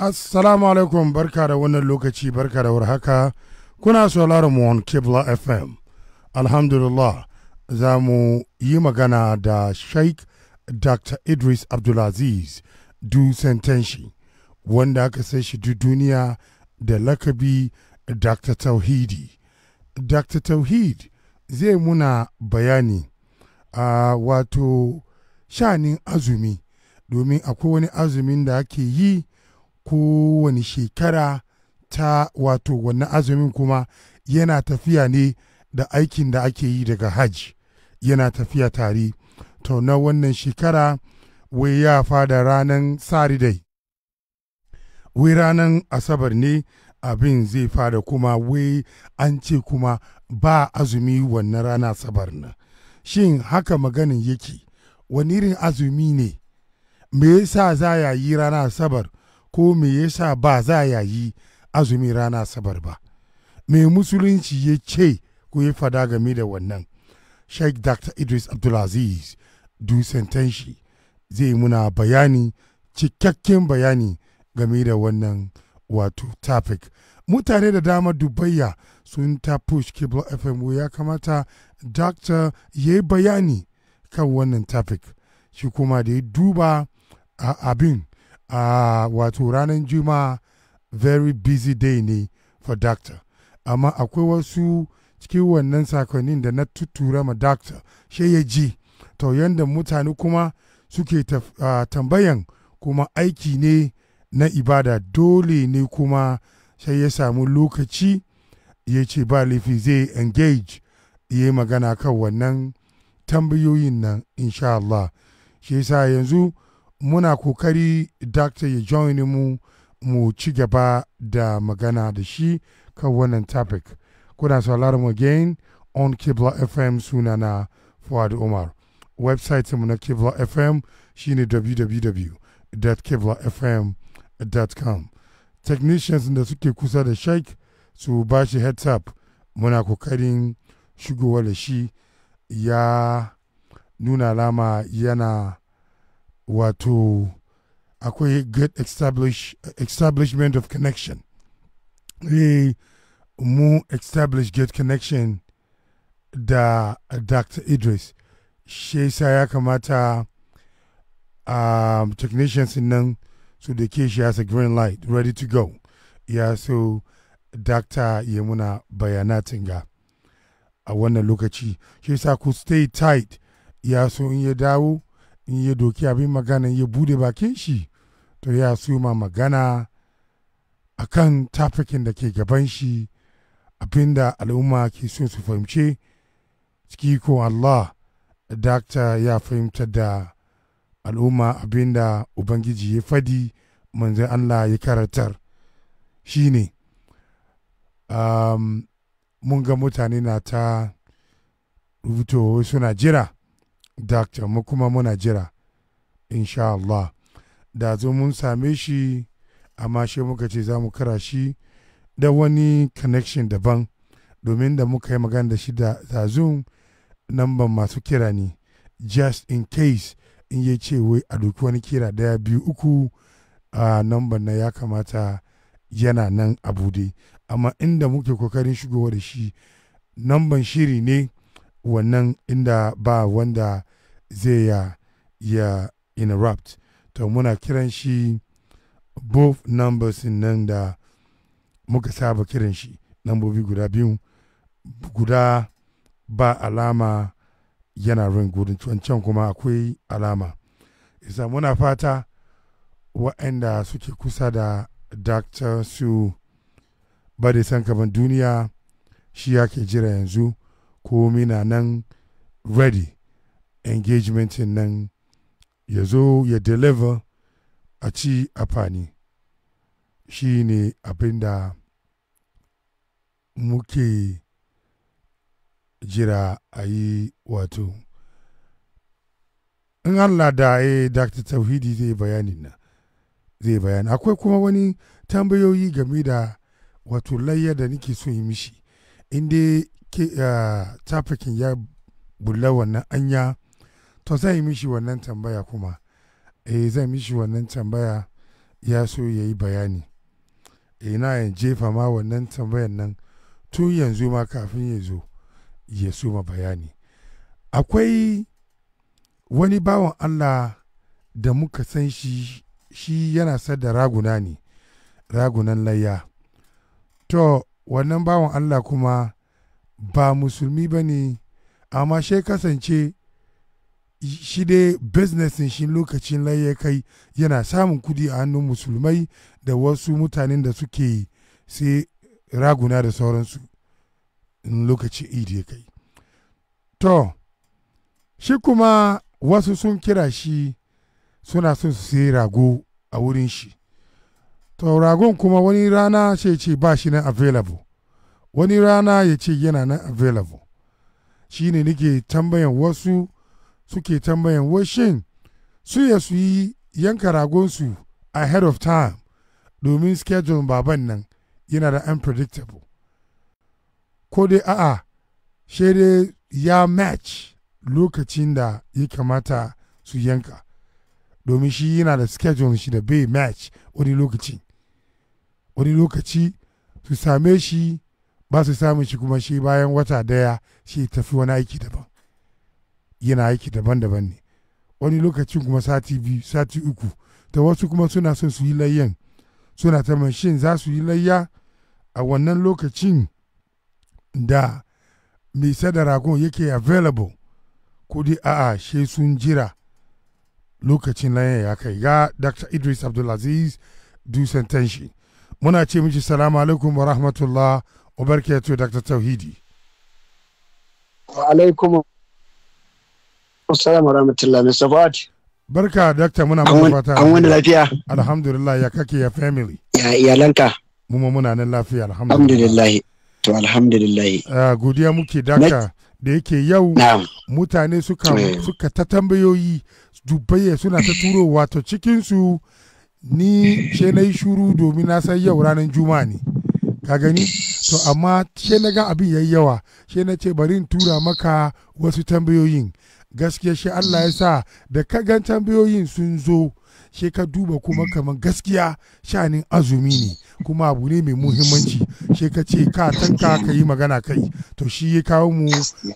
Assalamu alaikum barka da wannan lokaci barka da warhaka kuna sauraron mu on Kibla FM. Alhamdulillah za mu yi magana da Sheikh Dr. Idris Abdulaziz Du Sentenshi wanda aka sai shi duk duniya da lakabi Dr. Tauhidi. Dr. Tauhid zai muna bayani a wato shanin azumi domin akwai wani azumin da ake yi kowane shekara ta wato wannan azumin kuma yana tafiya ne da aikin da ake yi daga hajj yana tafiya tare to na wannan shekara wai ya fada ranar saridai wai ranan asabar ne abin zai fada kuma wai an ce kuma ba azumi wannan rana asabar na shin haka maganin yake wani irin azumi ne me yasa za ya yi ranar asabar ko me yasa ba za ya yi azumi rana sabar ba me musulunci ya ce ko ya fada game da wannan sheikh dr idris abdulaziz dusantan shi zai muna bayani cikakken bayani game da wannan wato topic mutane da dama dubayya sun ta push cable fm ya kamata dr ya yi bayani kan wannan topic shi kuma da ya duba a abin a wato ranar juma'a very busy day ne for doctor amma akwai wasu cikin wannan sakonnin da na tuttura ma doctor shi ya ji to yadda mutane kuma suke tambayan kuma aiki ne na ibada dole ne kuma sai ya samu lokaci ya ce ba laifi zai engage ya magana kan wannan tambayoyin nan insha Allah shi yasa yanzu muna kokari doctor ya join mu mu ci gaba da magana da shi kan wannan topic kuna sauraron mu again on Kibla FM suna na Fuad Umar website mu na Kibla FM shine www.kiblafm.com technicians da suke kusa da sheik su ba shi heads up muna kokarin shigowa da shi ya nuna alama yana wato akwai good establish, establishment of connection e mu establish good connection da dr idris shi sa ya kamata um, technicians nan su da ke shi has a green light ready to go ya so dr ya muna bayanatin ga a wannan lokaci shi sa ku stay tight ya so in ya dawo in ya doki abin magana ya bude bakin shi to ya suma magana a kan tafikin da ke gaban shi abin da al'umma ke so su fahimce ciki ko Allah dakta ya fahimtar da al'umma abin da Ubangiji ya fadi manzo Allah ya karatar shi ne um, mun ga mutane na ta rubuto suna jira Dr. mu kuma muna jira insha Allah da zo mun same shi amma shi muka ce za mu kara shi da wani connection daban domin da muka yi magana da shi da zazun namban masu kira ne just in case in ya ce wai a doki wani kira daya biyu uku a namban na ya kamata yana nan a bude amma inda muke kokarin shigowa da shi namban shiri ne wannan inda ba wanda zai ya ya interrupt to muna kiran shi both numbers nan da muka saba kiran shi nambobi guda biyu guda ba alama yana rin gudun can kuma akwai alama isa muna fata waɗanda suke kusa da dr su ba da san kaban duniya shi yake jira yanzu ko mina nan ready engagement nan ya zo ya deliver a ci afani shi ne abin da muke jira a yi wato in allah da ya eh, dr tauhidi zai bayani na zai bayani akwai kuma wani tambayoyi game da wato layya da nake so yi mishi inda ah, in ya bulla na anya to zan yi mishi wannan tambaya kuma eh zan mishi wannan tambaya ya so ya yi bayani eh na jefa ma wannan tambayan nan tun yanzu ma kafin ya zo ya suma bayani akwai wani bawan allah da muka san shi shi yana da raguna ne ragunan layya to wannan bawan allah kuma ba musulmi ba ne amma ya kasance shi dai in shi lokacin ya kai yana samun kudi a hannun musulmai da wasu mutanen da suke sai raguna da sauransu in lokacin idi ya kai to shi kuma wasu sun kira shi suna son su sai rago a wurin shi to ragon kuma wani rana sai ce ba shi nan available wani rana ya ce yana na available shi ne nake tambayan wasu suke tambayan washin shin su ya su yi yanka ragonsu ahead of time domin schedule baban nan yana da unpredictable ko dai a'a dai ya match lokacin da ya kamata su yanka domin shi yana da schedule shi da bai match wani lokaci wani lokaci su same shi ba su samun shi kuma shi bayan wata daya shi tafi wani aiki daban yana aiki daban-daban ne wani lokacin kuma sati biyu sati uku ta wasu kuma suna son su yi layyan suna ta mashin za su yi layya a wannan lokacin da mai sada ragon yake available kudi a'a she sun jira lokacin layan ya kai ga dr idris abdulaziz dusan sentenshi muna ce miki salamu alaikum wa rahmatullah wa barakatuh dr tauhidi wa alaikum Assalamu warahmatullahi Mr. Fuad. Barka Dr. muna maka fata. An wani lafiya. Alhamdulillah ya kake ya family. Ya iyalanka. Mu ma muna nan lafiya alhamdulillah. To alhamdulillah. Uh, godiya muke daka da yake yau mutane suka suka ta tambayoyi dubbaye suna ta turo wato cikin su ni ce na yi shuru domin na san yau ranar juma'a ne ka gani to amma ce na ga abin yayyawa yawa ce na ce bari in tura maka wasu tambayoyin gaskiya shi Allah ya sa da ka gan tambayoyin sun zo shi ka duba kuma kamar gaskiya shanin azumi ne kuma abu ne mai muhimmanci shi ka ce ka tanka ka yi magana kai to shi ya kawo mu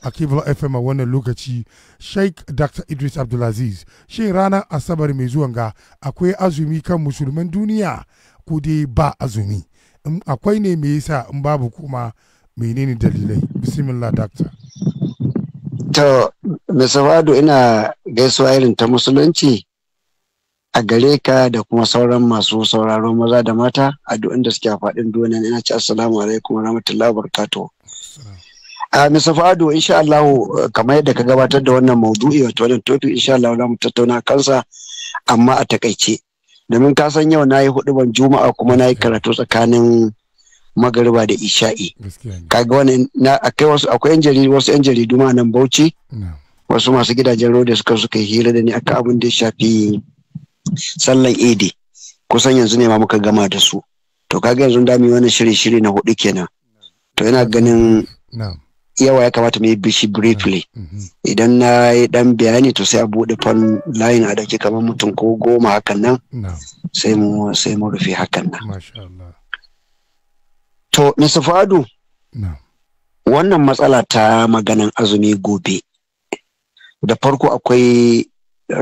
a cable fm a wannan lokaci Sheik dr idris abdulaziz shi ranar asabar mai zuwan ga akwai azumi kan musulman duniya ko dai ba azumi akwai ne me yasa in babu kuma menene dalilai bismillah doctor To, Misafado ina gaisuwa irin ta musulunci a gare ka da kuma sauran masu sauraro maza da mata a duk inda suke faɗin duniya ina ci assalamu alaikum warahmatullahi wabarakatuh. A ah, Misafado insha Allah kamar yadda ka gabatar da wannan maudu'i wato wannan tofi insha Allah za mu tattauna kansa amma a takaice. Domin ka san yau na yi hudu ban juma'a kuma na yi eh. karatu tsakanin magariba da isha'i kaga wani akwai wasu akwai yan jaridu wasu yan jaridu ma nan bauchi wasu masu gidajen roda suka suka hira da ni aka abin da ya shafi sallan idi kusan yanzu ne ma muka gama da su to kaga yanzu da mu wani shiri shiri na hudu kenan to yana ganin yawa ya kamata mu yi bishi briefly mhm. idan na yi dan bayani to sai a bude fan layin a daki kamar mutum ko goma hakan nan sai sai mu rufe hakan nan To, Mr. Fadu, wannan matsala ta maganan azumi gobe. Da farko akwai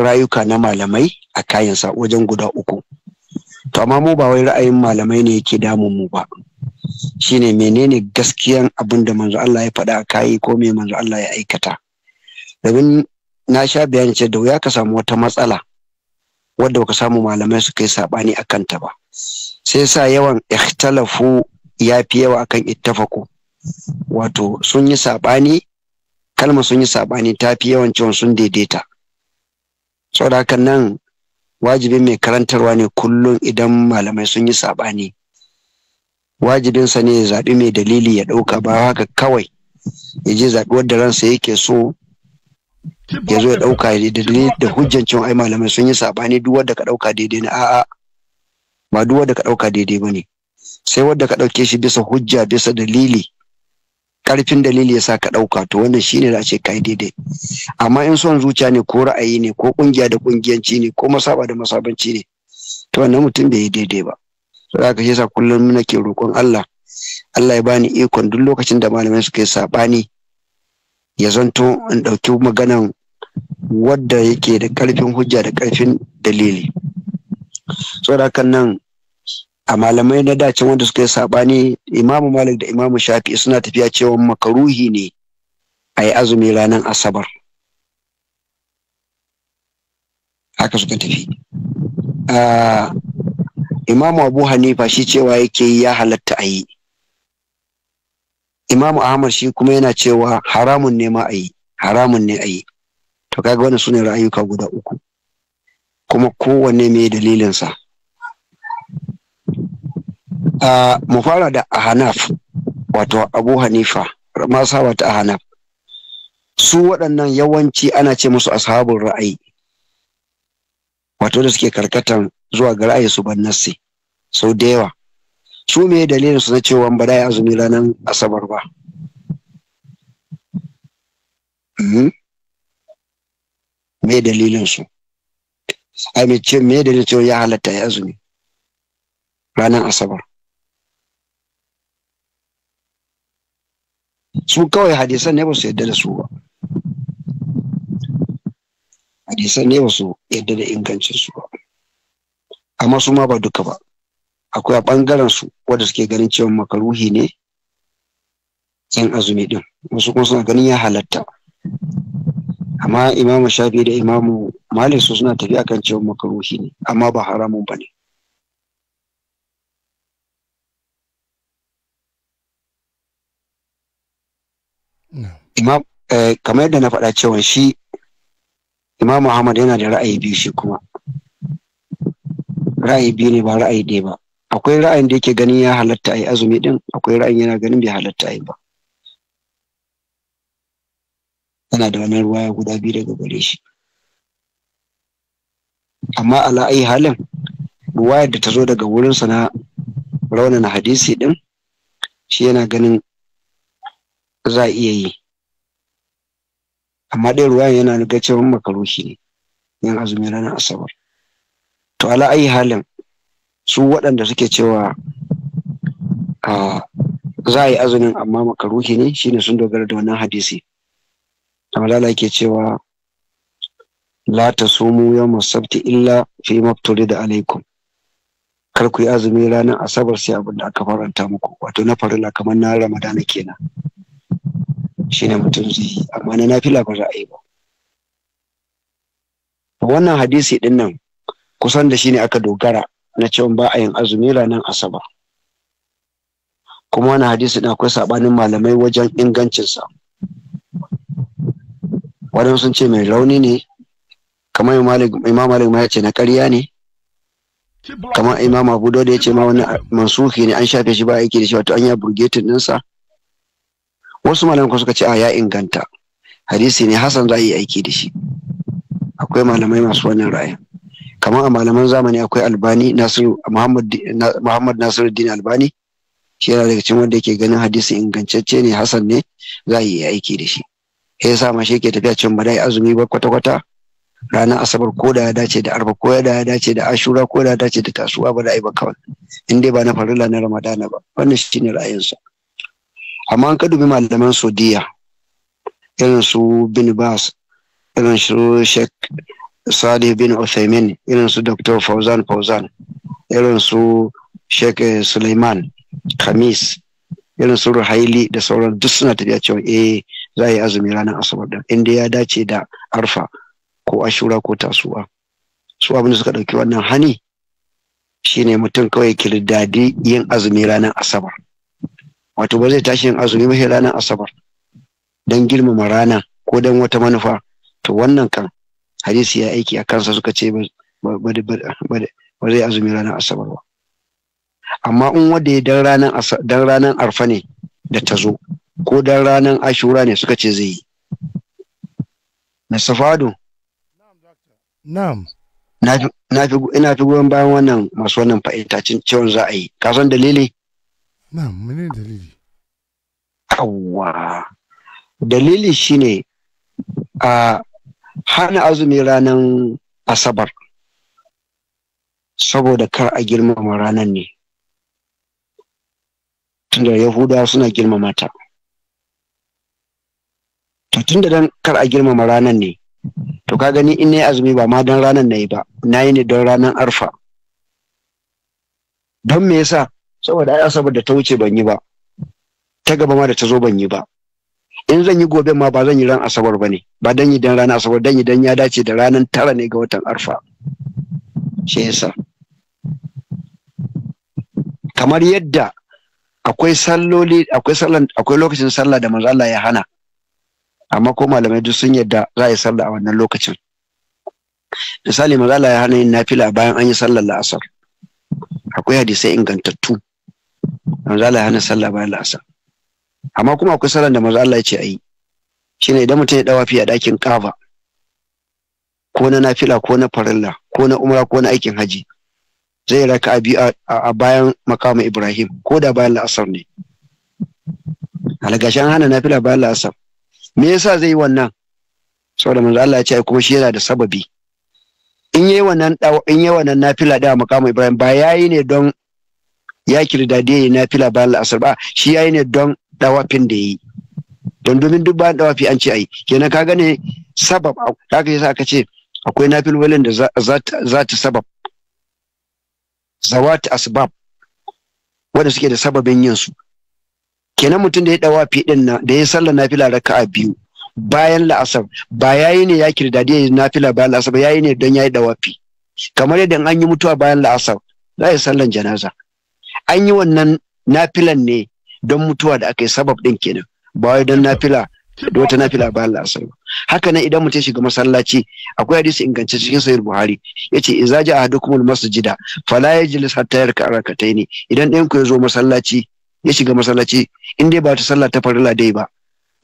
rayuka na malamai a kayansa wajen guda uku. To, amma mu ba wai ra'ayin malamai ne yake damun mu ba. Shine menene gaskiyan abin da manzo Allah ya faɗa a kayi ko me manzo Allah ya aikata. Domin na sha bayani ce da wuya ka samu wata matsala wadda baka samu malamai suka yi saɓani a kanta ba. Sai sa yawan ikhtalafu ya fi yawa akan ittafaku wato sun yi saɓani kalma sun yi saɓani ta fi yawan cewa sun daidaita saboda haka nan wajibin mai karantarwa ne kullum idan malamai sun yi saɓani wajibinsa ne ya zaɓi mai dalili ya ɗauka ba haka kawai ya je zaɓi wadda ransa yake so ya zo ya ɗauka da hujjan cewa ai malamai sun yi saɓani duk wadda ka ɗauka daidai na a'a ba duk wadda ka ɗauka daidai ba ne sai wanda ka ɗauke shi bisa hujja bisa dalili ƙarfin dalili yasa ka ɗauka to wannan shine da ce kai daidai amma in son zuciya ne ko ra'ayi ne ko ƙungiya da kungiyanci ne ko masaba da masabanci ne to wannan mutum bai yi daidai ba saboda haka yasa kullum ke roƙon Allah Allah ya bani ikon duk lokacin da malamai suka yi sabani ya zanto in ɗauki maganan wadda yake da ƙarfin hujja da ƙarfin dalili saboda kan nan a malamai na dace wanda suka yi saɓani imamu malik da imamu shafi suna tafiya cewa makaruhi ne a yi azumi ranar asabar haka suka tafi imamu abu hanifa shi cewa yake yi ya halatta a yi imamu ahmad shi kuma yana cewa haramun ne ma a yi haramun ne a yi to kaga wannan su ne ra'ayuka guda uku kuma kowanne mai dalilinsa mu fara da ahanaf wato abu hanifa masaba ta ahanaf su waɗannan yawanci ana ce musu ashabun ra'ayi wato da suke karkatan zuwa ga ra'ayi su bannassi sau da yawa su me dalilin su na cewa ba da azumi ranar asabar ba hmm? me dalilin su a me dalilin cewa ya halatta ya azumi ranar asabar su kawai hadisan ne ba su yadda da su ba hadisan ne ba su yadda da ingancin su ba amma su ma ba duka ba akwai a bangaren su wanda suke ganin cewa makaruhi ne yan azumi din wasu kuma suna ganin ya halatta amma imamu shafi da imamu malik su suna tafiya kan cewa makaruhi ne amma ba haramun ba ne imam eh, kamar yadda na faɗa cewa shi imam muhammad yana da ra'ayi biyu shi kuma ra'ayi biyu ne ba ra'ayi ɗaya ba akwai ra'ayin da yake ganin ya halatta a azumi din akwai ra'ayin yana ganin bai halatta a ba yana da wani ruwaya guda biyu daga gare shi amma ala ayi halin ruwayar da ta zo daga wurinsa na raunin hadisi din shi yana ganin za a iya yi amma ɗaya ruwan yana nuga cewa makaruhi ne yin azumi ranar asabar to ala ayi halin su waɗanda suke cewa za a yi azumin amma makaruhi ne shine sun dogara da wannan hadisi tamalala yake cewa la ta sumu yawma sabti illa fi maftori da alaikum kar ku yi azumi ranar asabar sai abin da aka faranta muku wato na farila kamar na ramadana kenan shine mutum zai yi amma na nafila ba za a yi ba wannan hadisi din nan kusan da shine aka dogara na cewa ba a yin azumi ranar Asaba. kuma wannan hadisi din akwai sabanin malamai wajen ingancinsa wadansu sun ce mai rauni ne kamar imam malik ma ya ce na ƙarya ne kamar imam abu da ya ce ma wani mansuhi ne an shafe shi ba aiki da shi wato an ya burgetin ɗinsa wasu malamai suka ce a ah, ya inganta hadisi ne hasan za a yi aiki da shi akwai malamai masu wannan ra'ayin kamar a malaman zamani akwai albani nasiru muhammad nasiruddin albani shi yana daga cikin wanda yake ganin hadisi ingantacce ne hasan ne za a yi aiki da shi ya sa ma shi yake tafiya cin ba azumi ba kwata-kwata ranar asabar ko da ya dace da arba ko da ya dace da ashura ko da ya dace da kasuwa ba da ai ba kawai in dai ba na farilla na ramadana ba wannan shi ne ra'ayinsa amma an kadubi malaman saudiya irin su bin bas irin su sheikh sadi bin uthaymin irin su dr fauzan fauzan irin su sheikh eh, suleiman khamis irin su ruhaili da sauran duk suna tafiya cewa eh za a yi azumi ranar asabar da inda ya dace da arfa ko ashura ko tasuwa su abin da suka ɗauki wannan hani shine mutum kawai kirdadi yin azumi ranar asabar wato ba zai tashi yin azumi ba ranar asabar don girmama rana ko don wata manufa to wannan kan hadisi ya aiki a kansa suka ce ba zai azumi ranar asabar ba amma in wanda ya dan ranar dan ranar arfa ne da ta zo ko dan ranar ashura ne suka ce zai yi na safado na fi ina fi goyon bayan wannan masu wannan fa'ita cewa za a yi kasan dalili na mene dalili Awa. dalili shine a hana azumi ranar asabar saboda kar a girmama ranar ne tunda yahudawa suna girmama ta to tunda dan kar a girmama ranar ne to ka gani in nayi azumi ba ma dan ranar nayi ba nayi ne don ranar arfa don me yasa saboda ai asabar da ta wuce ban yi ba ta gaba ma da ta zo ban yi ba in zan yi gobe ma ba zan yi ran asabar ba ne ba dan yi dan rana asabar dan yi dan ya dace da ranan tara ne ga watan arfa shi yasa kamar yadda akwai salloli akwai sallan akwai lokacin sallah da manzo Allah ya hana amma ko malamai duk sun yadda za a yi sallah a wannan lokacin misali manzo Allah ya hana yin nafila bayan an yi sallar la'asar akwai hadisai ingantattu manzo Allah ya hana sallah bayan la'asar amma kuma akwai sallar da manzo Allah ya ce ayi shine idan mutum ya dawafi a dakin kaba ko na nafila ko na farilla ko na umra ko na aikin haji zai raka biyu a bayan makamu Ibrahim ko da bayan la'asar ne algashin hana nafila bayan la'asar me yasa zai yi wannan saboda manzo Allah ya ce kuma shi yana da sababi in yi wannan in yi wannan nafila da makamu Ibrahim ba yayi ne don ya kirda da na fila bayan la'asar ba shi yayi ne don dawafin da yi don domin duk bayan dawafi an ce ai kenan ka gane sabab kaga yasa aka ce akwai walin da za ta sabab zawat asbab wanda suke da sababin yin su kenan mutum da ya dawafi din nan da ya sallar nafila raka'a biyu bayan la'asar ba yayi ne ya kirda da yayi nafila bayan la'asar ba yayi ne don yayi dawafi kamar yadda an yi mutuwa bayan la'asar za a yi sallan janaza an yi wannan nafilan ne don mutuwa da aka yi sabab din kenan ba wai don nafila da wata nafila ba Allah sai haka nan idan mutum shiga masallaci akwai hadisi ingance cikin sahih buhari yace idza ja'a ahadukumul masjida fala yajlis hatta yarka rakataini idan ɗayan ku ya zo masallaci ya shiga masallaci in dai ba ta sallah ta farilla dai ba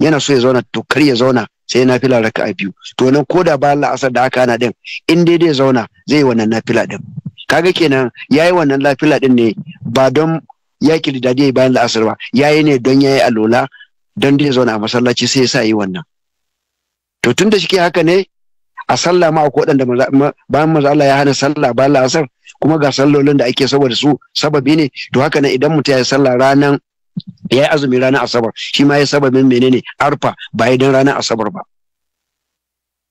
yana so ya zauna to kar ya zauna sai nafila raka'a biyu to nan koda ba Allah asar da haka ana din in dai dai zauna zai yi wannan nafila din kaga kenan yayi wannan lafila din ne ba don ya kirdadi bayan la'asar ba yayi ne don yayi alola don da ya zauna a masallaci sai ya sa yi wannan to tun da shike haka ne a sallah ma akwai waɗanda bayan maza Allah ya hana sallah bayan la'asar kuma ga sallolin da ake saboda su sababi ne to haka nan idan mutum ya sallah ranan ya yi azumi ranar asabar shi ma ya sababin menene arfa ba ya dan ranar asabar ba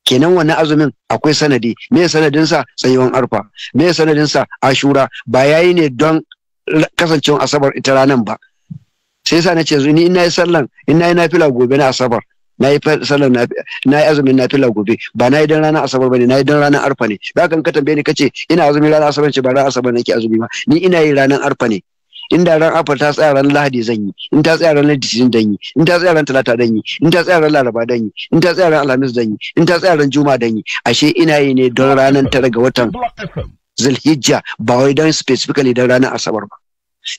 kenan wannan azumin akwai sanadi me sanadinsa tsayuwan arfa me sanadinsa ashura ba yayi ne don kasancewar asabar ita ranan ba sai yasa nace ni ina yi sallan ina yi nafila gobe na asabar na yi sallan na yi azumin nafila gobe ba na yi dan ranar asabar bane na yi dan ranar arfa ne ba kan ka tambaye ni kace ina azumin ranar asabar ce ba ranar asabar nake azumi ba ni ina yi ranar arfa ne in da ran afa ta tsaya ran lahadi zan yi in ta tsaya ran litinin dan yi in ta tsaya ran talata dan yi in ta tsaya ran laraba dan yi in ta tsaya ran alhamis dan yi in ta tsaya ran Juma dan yi ashe ina yi ne don ranar tara ga watan zulhijja ba wai don specifically don ranar asabar ba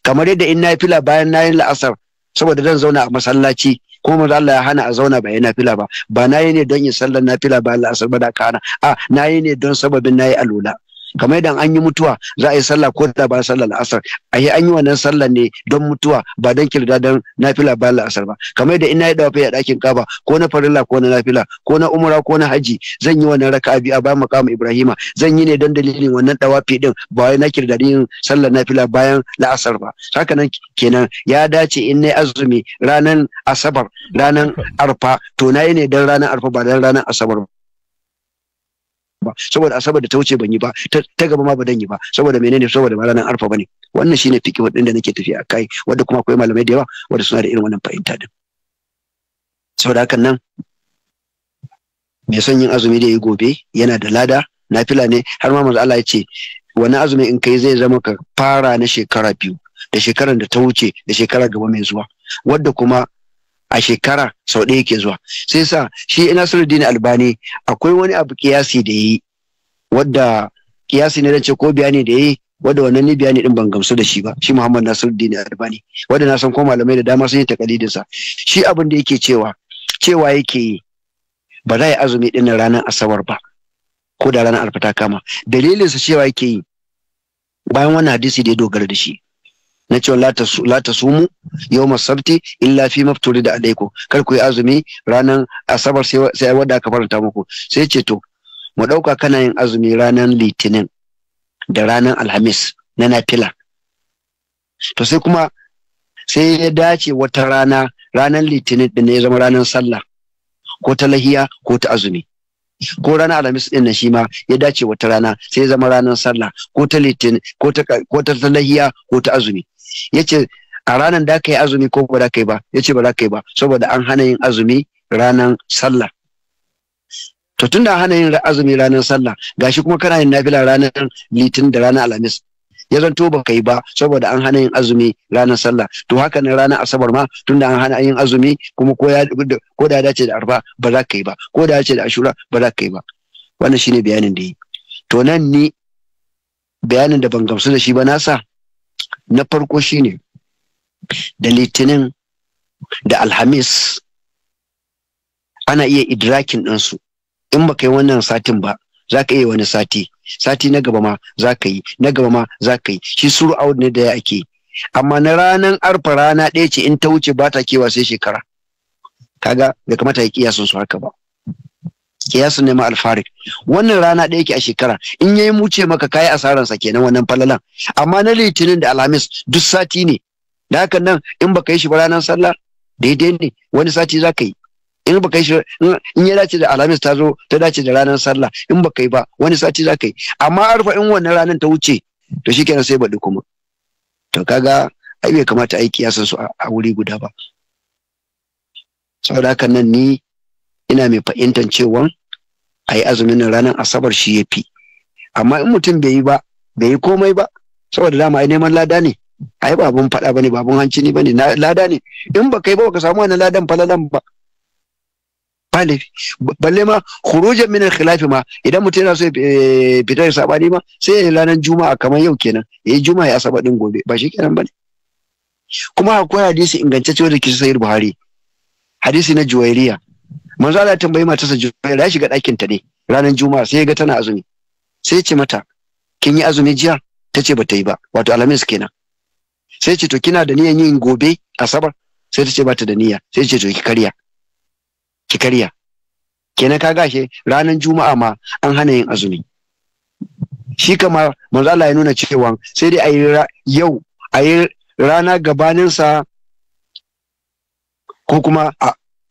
kamar yadda in na fila bayan na yi la'asar saboda zan zauna a masallaci kuma manzo Allah ya hana a zauna ba na fila ba ba na yi ne don yin sallar na fila bayan la'asar ba da kana a na yi ne don sababin na yi alula kamar idan an yi mutuwa za a yi sallah ko da ba sallar asar a yi an yi wannan sallah ne don mutuwa ba don kirda don nafila bayan la'asar ba kamar da ina yi dawafi a ɗakin kaba ko na farilla ko na nafila ko na umra ko na haji zan yi wannan raka'a biyu a bayan makamu ibrahima zan yi ne don dalilin wannan dawafi din ba wai na kirda yin sallar nafila bayan la'asar ba Hakanan kenan ya dace in na azumi ranar asabar ranar arfa to na yi ne don ranar arfa ba don ranar asabar ba ba saboda asabar da ta wuce ban yi ba ta gaba ma ba dan yi ba saboda menene saboda ma ranar arfa bane wannan shine fiki wadin da nake tafiya kai wanda kuma akwai malamai da yawa wanda suna da irin wannan fahimta din saboda hakan nan mai son yin azumi da ya gobe yana da lada na ne har ma manzo Allah ya ce wani azumi in kai zai zama ka fara na shekara biyu da shekarar da ta wuce da shekara gaba mai zuwa wadda kuma a shekara sau ɗaya ke zuwa sai sa shi nasiruddin albani akwai wani abu kiyasi da yi wadda kiyasi ne ce ko bayani da yi wadda wannan ni bayani din ban gamsu da shi ba shi muhammad nasiruddin albani wadda na san ko malamai da dama sun yi takalidin sa shi abin da yake cewa cewa yake yi ba za yi azumi din ranar asabar ba ko da ranar alfata kama dalilin sa cewa yake yi bayan wannan hadisi da ya dogara da shi na cewa la ta sumu yau masabti illa fi mafturi da alaiku kar ku yi azumi ranar asabar sai wadda aka faranta muku sai ce to mu ɗauka kana yin azumi ranar litinin da ranar alhamis na nafila to sai kuma sai ya dace wata rana ranar litinin din ya zama ranar sallah ko ta lahiya ko ta azumi ko ranar alhamis din na shi ma ya dace wata rana sai ya zama ranar sallah ko ta litinin ko ta lahiya ko ta azumi Ya ce a ranar da ka yi azumi ko ba da ka yi ba ya ce ba da ka yi ba saboda an hana yin azumi ranar sallah to tun da hana yin azumi ranar sallah gashi kuma kana yin nafila ranar litin da ranar alhamis ya zanto ba ka yi ba saboda an hana yin azumi ranar sallah to haka nan ranar asabar ma da an hana yin azumi kuma ko ya ko da dace da arba ba za ka yi ba ko da dace da ashura ba za ka yi ba wannan shine bayanin da yi to nan ni bayanin da ban gamsu da shi ba na sa. na farko shine da litinin da alhamis ana iya idrakin ɗinsu in baka yi wannan satin ba za ka iya wani sati sati na gaba ma za ka yi na gaba ma za ka yi shi suru out ne da ya ake amma na ranar arfa rana ɗaya ce in ta wuce ba ta kewa sai shekara kaga bai kamata ya kiyasun su haka ba kiyasu ne ma alfari. wannan rana ɗaya ke a shekara in yayi muce maka kayi asararsa kenan wannan falalan amma na litinin da alhamis duk sati ne da hakan nan in baka yi shi ba ranar sallah daidai ne wani sati za ka yi in baka yi shi in ya dace da alhamis ta zo ta dace da ranar sallah in baka yi ba wani sati za ka yi amma arfa in wannan ranar ta wuce to shikenan sai baɗi kuma to kaga ai bai kamata aiki ya san su a wuri guda ba saboda hakan nan ni ina mai fahimtar cewa a yi azumin ranar asabar shi ya fi amma in mutum bai yi ba bai yi komai ba saboda dama ai neman lada ne ai ba abun faɗa bane ba abun hanci ne bane lada ne in ba kai ba ka samu wannan ladan falalan ba ba balle ma khurujan min al-khilaf ma idan mutum yana so ya eh, fita ya sabani ma sai ya ranar juma'a kamar yau kenan yayi juma'a ya asabar din gobe ba shi kenan bane kuma akwai hadisi ingantacce da kisa sayyid buhari hadisi na juwairiya manzo Allah ya tambayi matarsa Jubair ya shiga ɗakin ta ne ranar Juma'a sai ya ga tana azumi sai ya ce mata kin yi azumi jiya ta ce bata yi ba wato su kenan sai ya ce to kina da niyan yin gobe asabar sai ta ce bata da niyya sai ya ce to ki karya ki karya kenan ka gashe ranar Juma'a ma an hana yin azumi shi kama manzo Allah ya nuna cewa sai dai ayi yau ayi rana gabaninsa ko kuma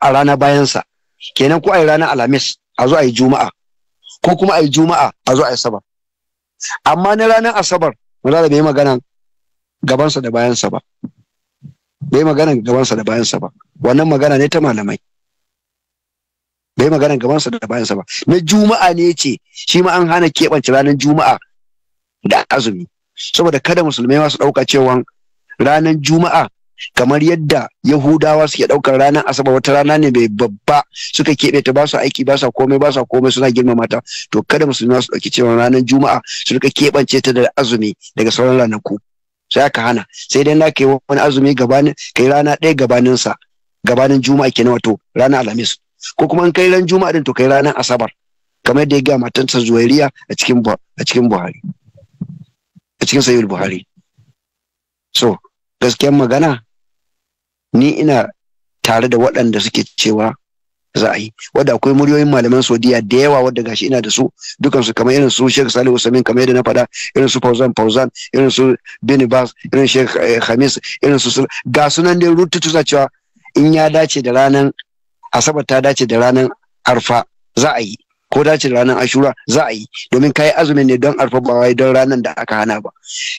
a rana bayansa kenan ko a yi ranar alhamis a zo a yi juma'a ko kuma a yi juma'a a zo a yi sabar amma na ranar asabar za bai yi magana gabansa da bayansa ba bai yi magana gabansa da bayansa ba wannan magana ne ta malamai bai yi magana gabansa da bayansa ba na juma'a ne ce shi ma an hana keɓance ranar juma'a da azumi saboda kada musulmai masu ɗauka cewa ranar juma'a kamar yadda yahudawa suke ɗaukar ranar asabar wata rana ne mai babba suka keɓe ta ba su aiki ba su komai ba su komai suna girmama ta to kada musulmi su dauki cewa ranar juma'a su rika kebance ta da azumi daga sauran ranaku sai aka hana sai dai na kai wani azumi gabanin kai rana ɗaya gabanin sa gabanin juma'a kenan wato ranar alhamis ko kuma in kai ran juma'a din to kai ranar asabar kamar yadda ya ga matansa zuwairiya a cikin a cikin buhari a cikin Sayyid buhari so gaskiyar magana ni ina tare da waɗanda suke cewa za a yi wadda akwai muryoyin malaman saudiya da yawa wadda gashi ina da su dukansu kamar irin su sheikh salih usamin kamar yadda na faɗa irin su fauzan fauzan irin su Binibas, bas irin sheikh eh, hamis irin su ga sunan dai rututu za cewa in ya dace da ranar asabar ta dace da ranar arfa za a yi ko dacin ranar ashura za a yi domin kayi azumin ne don arfa don ranar da aka hana ba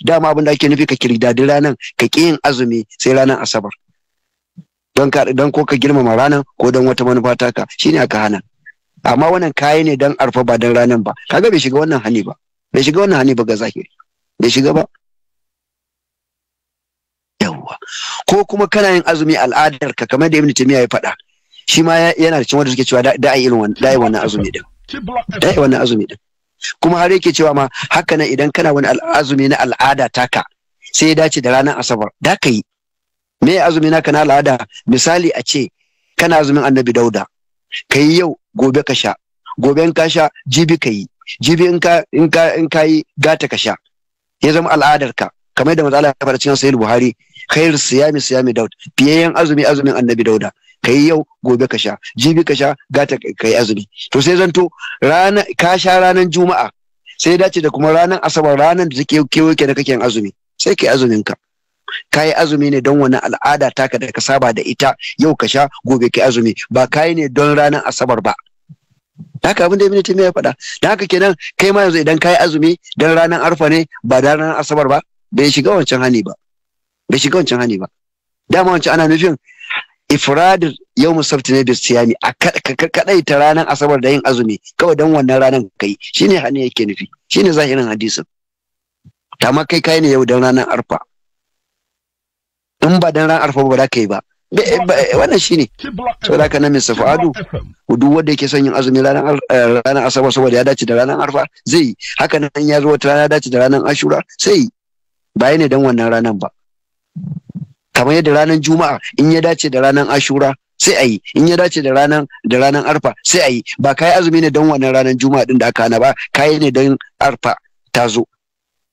dama abin da ake nufi ka kirdadi ranar ka ƙi yin azumi sai ranar asabar don ka dan ko ka girmama ranar ko don wata manufa taka shine aka hana amma wannan kayi ne don arfa ba don ranar ba kaga bai shiga wannan hani ba bai shiga wannan hani ba ga zahiri bai shiga ba yawwa ko kuma kana yin azumi al'adar ka kamar da ibnu tamiya ya faɗa shi ma yana da cin wanda suke cewa da ayi irin wannan azumi din ta eh, wannan azumi din kuma har yake cewa ma haka nan idan kana wani azumi na al'ada taka sai ya dace da ranar asabar da ka yi me azumi naka na al'ada misali a ce kana azumin annabi dauda ka yi yau gobe ka sha gobe in ka sha jibi ka yi jibi in ka yi gata ka sha ya zama al'adar ka kamar yadda manzo ya fara cikin sahih buhari khair siyami siyami Fiye fiyayen azumi azumin annabi dauda kai yau gobe ka sha jibi ka sha gata kai azumi to sai zanto rana ka sha ranar juma'a sai dace da kuma ranar asabar ranar da take kewa ke da kake azumi sai kai azumin ka kayi azumi ne don wani al'ada taka da ka saba da ita yau ka sha gobe kai azumi ba kayi ne don ranar asabar ba Da haka abin da ibn taymiya ya faɗa Da haka kenan kai ma yanzu idan kayi azumi don ranar arfa ne ba da ranar asabar ba bai shiga wancan hani ba bai shiga wancan hani ba dama wancan ana nufin ifradir yau musabti ne Siyami, a ta ranar asabar da yin azumi kawai don wannan ranar kai shine hannun yake nufi shine zahirin hadisin ma kai kai ne yau don ranar arfa in ba don ranar arfa ba za ka yi ba wannan shine to da ka na safadu duk wanda yake son yin azumi eh, ranar asabar saboda ya dace da ranar arfa zai haka nan ya zo wata rana dace da ranar ashura sai ba ne don wannan ranar ba kamar yadda ranar juma'a in ya dace da ranar ashura sai a yi in ya dace da ranar da ranar arfa sai a yi ba kai azumi ne don wannan ranar juma'a din da aka hana ba kai ne don arfa ta zo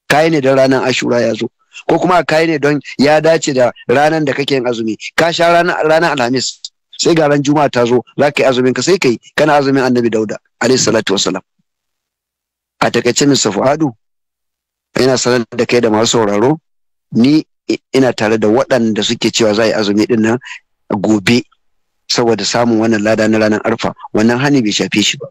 kai ne don ranar ashura ya zo ko kuma kai ne don ya dace da ranar da kake yin azumi ka sha ranar alhamis sai ga ran juma'a ta zo za ka yi azumin ka sai kai kana azumin annabi dauda alayhi salatu wasalam a takaice min safu'adu yana sanar da kai da masu sauraro ni ina tare da waɗanda suke cewa za a yi azumi din nan gobe saboda samun wannan lada na ranar arfa wannan hani bai shafe shi ba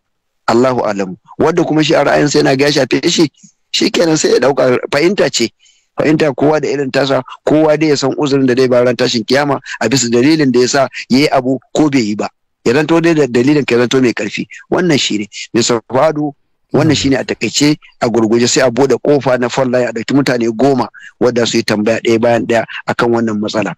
Allahu alamu wanda kuma shi a ra'ayin sai yana ga shafe shi shikenan sai ya dauka fahimta ce fahimta kowa da irin tasa kowa dai ya san uzurin da dai ba ran tashin kiyama a bisa dalilin da ya sa ya yi abu ko bai yi ba ya zanto dai da dalilin ka zanto mai karfi wannan shi ne mai safadu wannan mm. shine a takaice a gurguje sai a bude kofa na fon line a dauki mutane goma wadda su yi tambaya ɗaya bayan ɗaya akan wannan matsala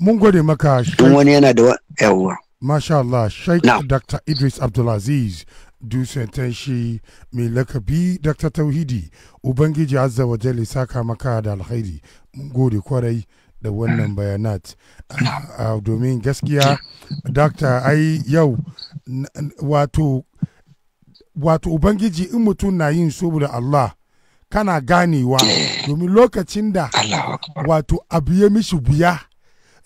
mun gode maka tun wani yana da yawa. masha Allah Sheikh Dr Idris Abdulaziz dusantan shi mai lakabi Dr Tauhidi Ubangiji Azza wa Jalli saka maka da alkhairi mun gode kwarai da wannan bayanat domin gaskiya Dr ai yau wato wato ubangiji in mutum na yin saboda Allah kana ganewa eh. domin lokacin da wato abu ya mishi buya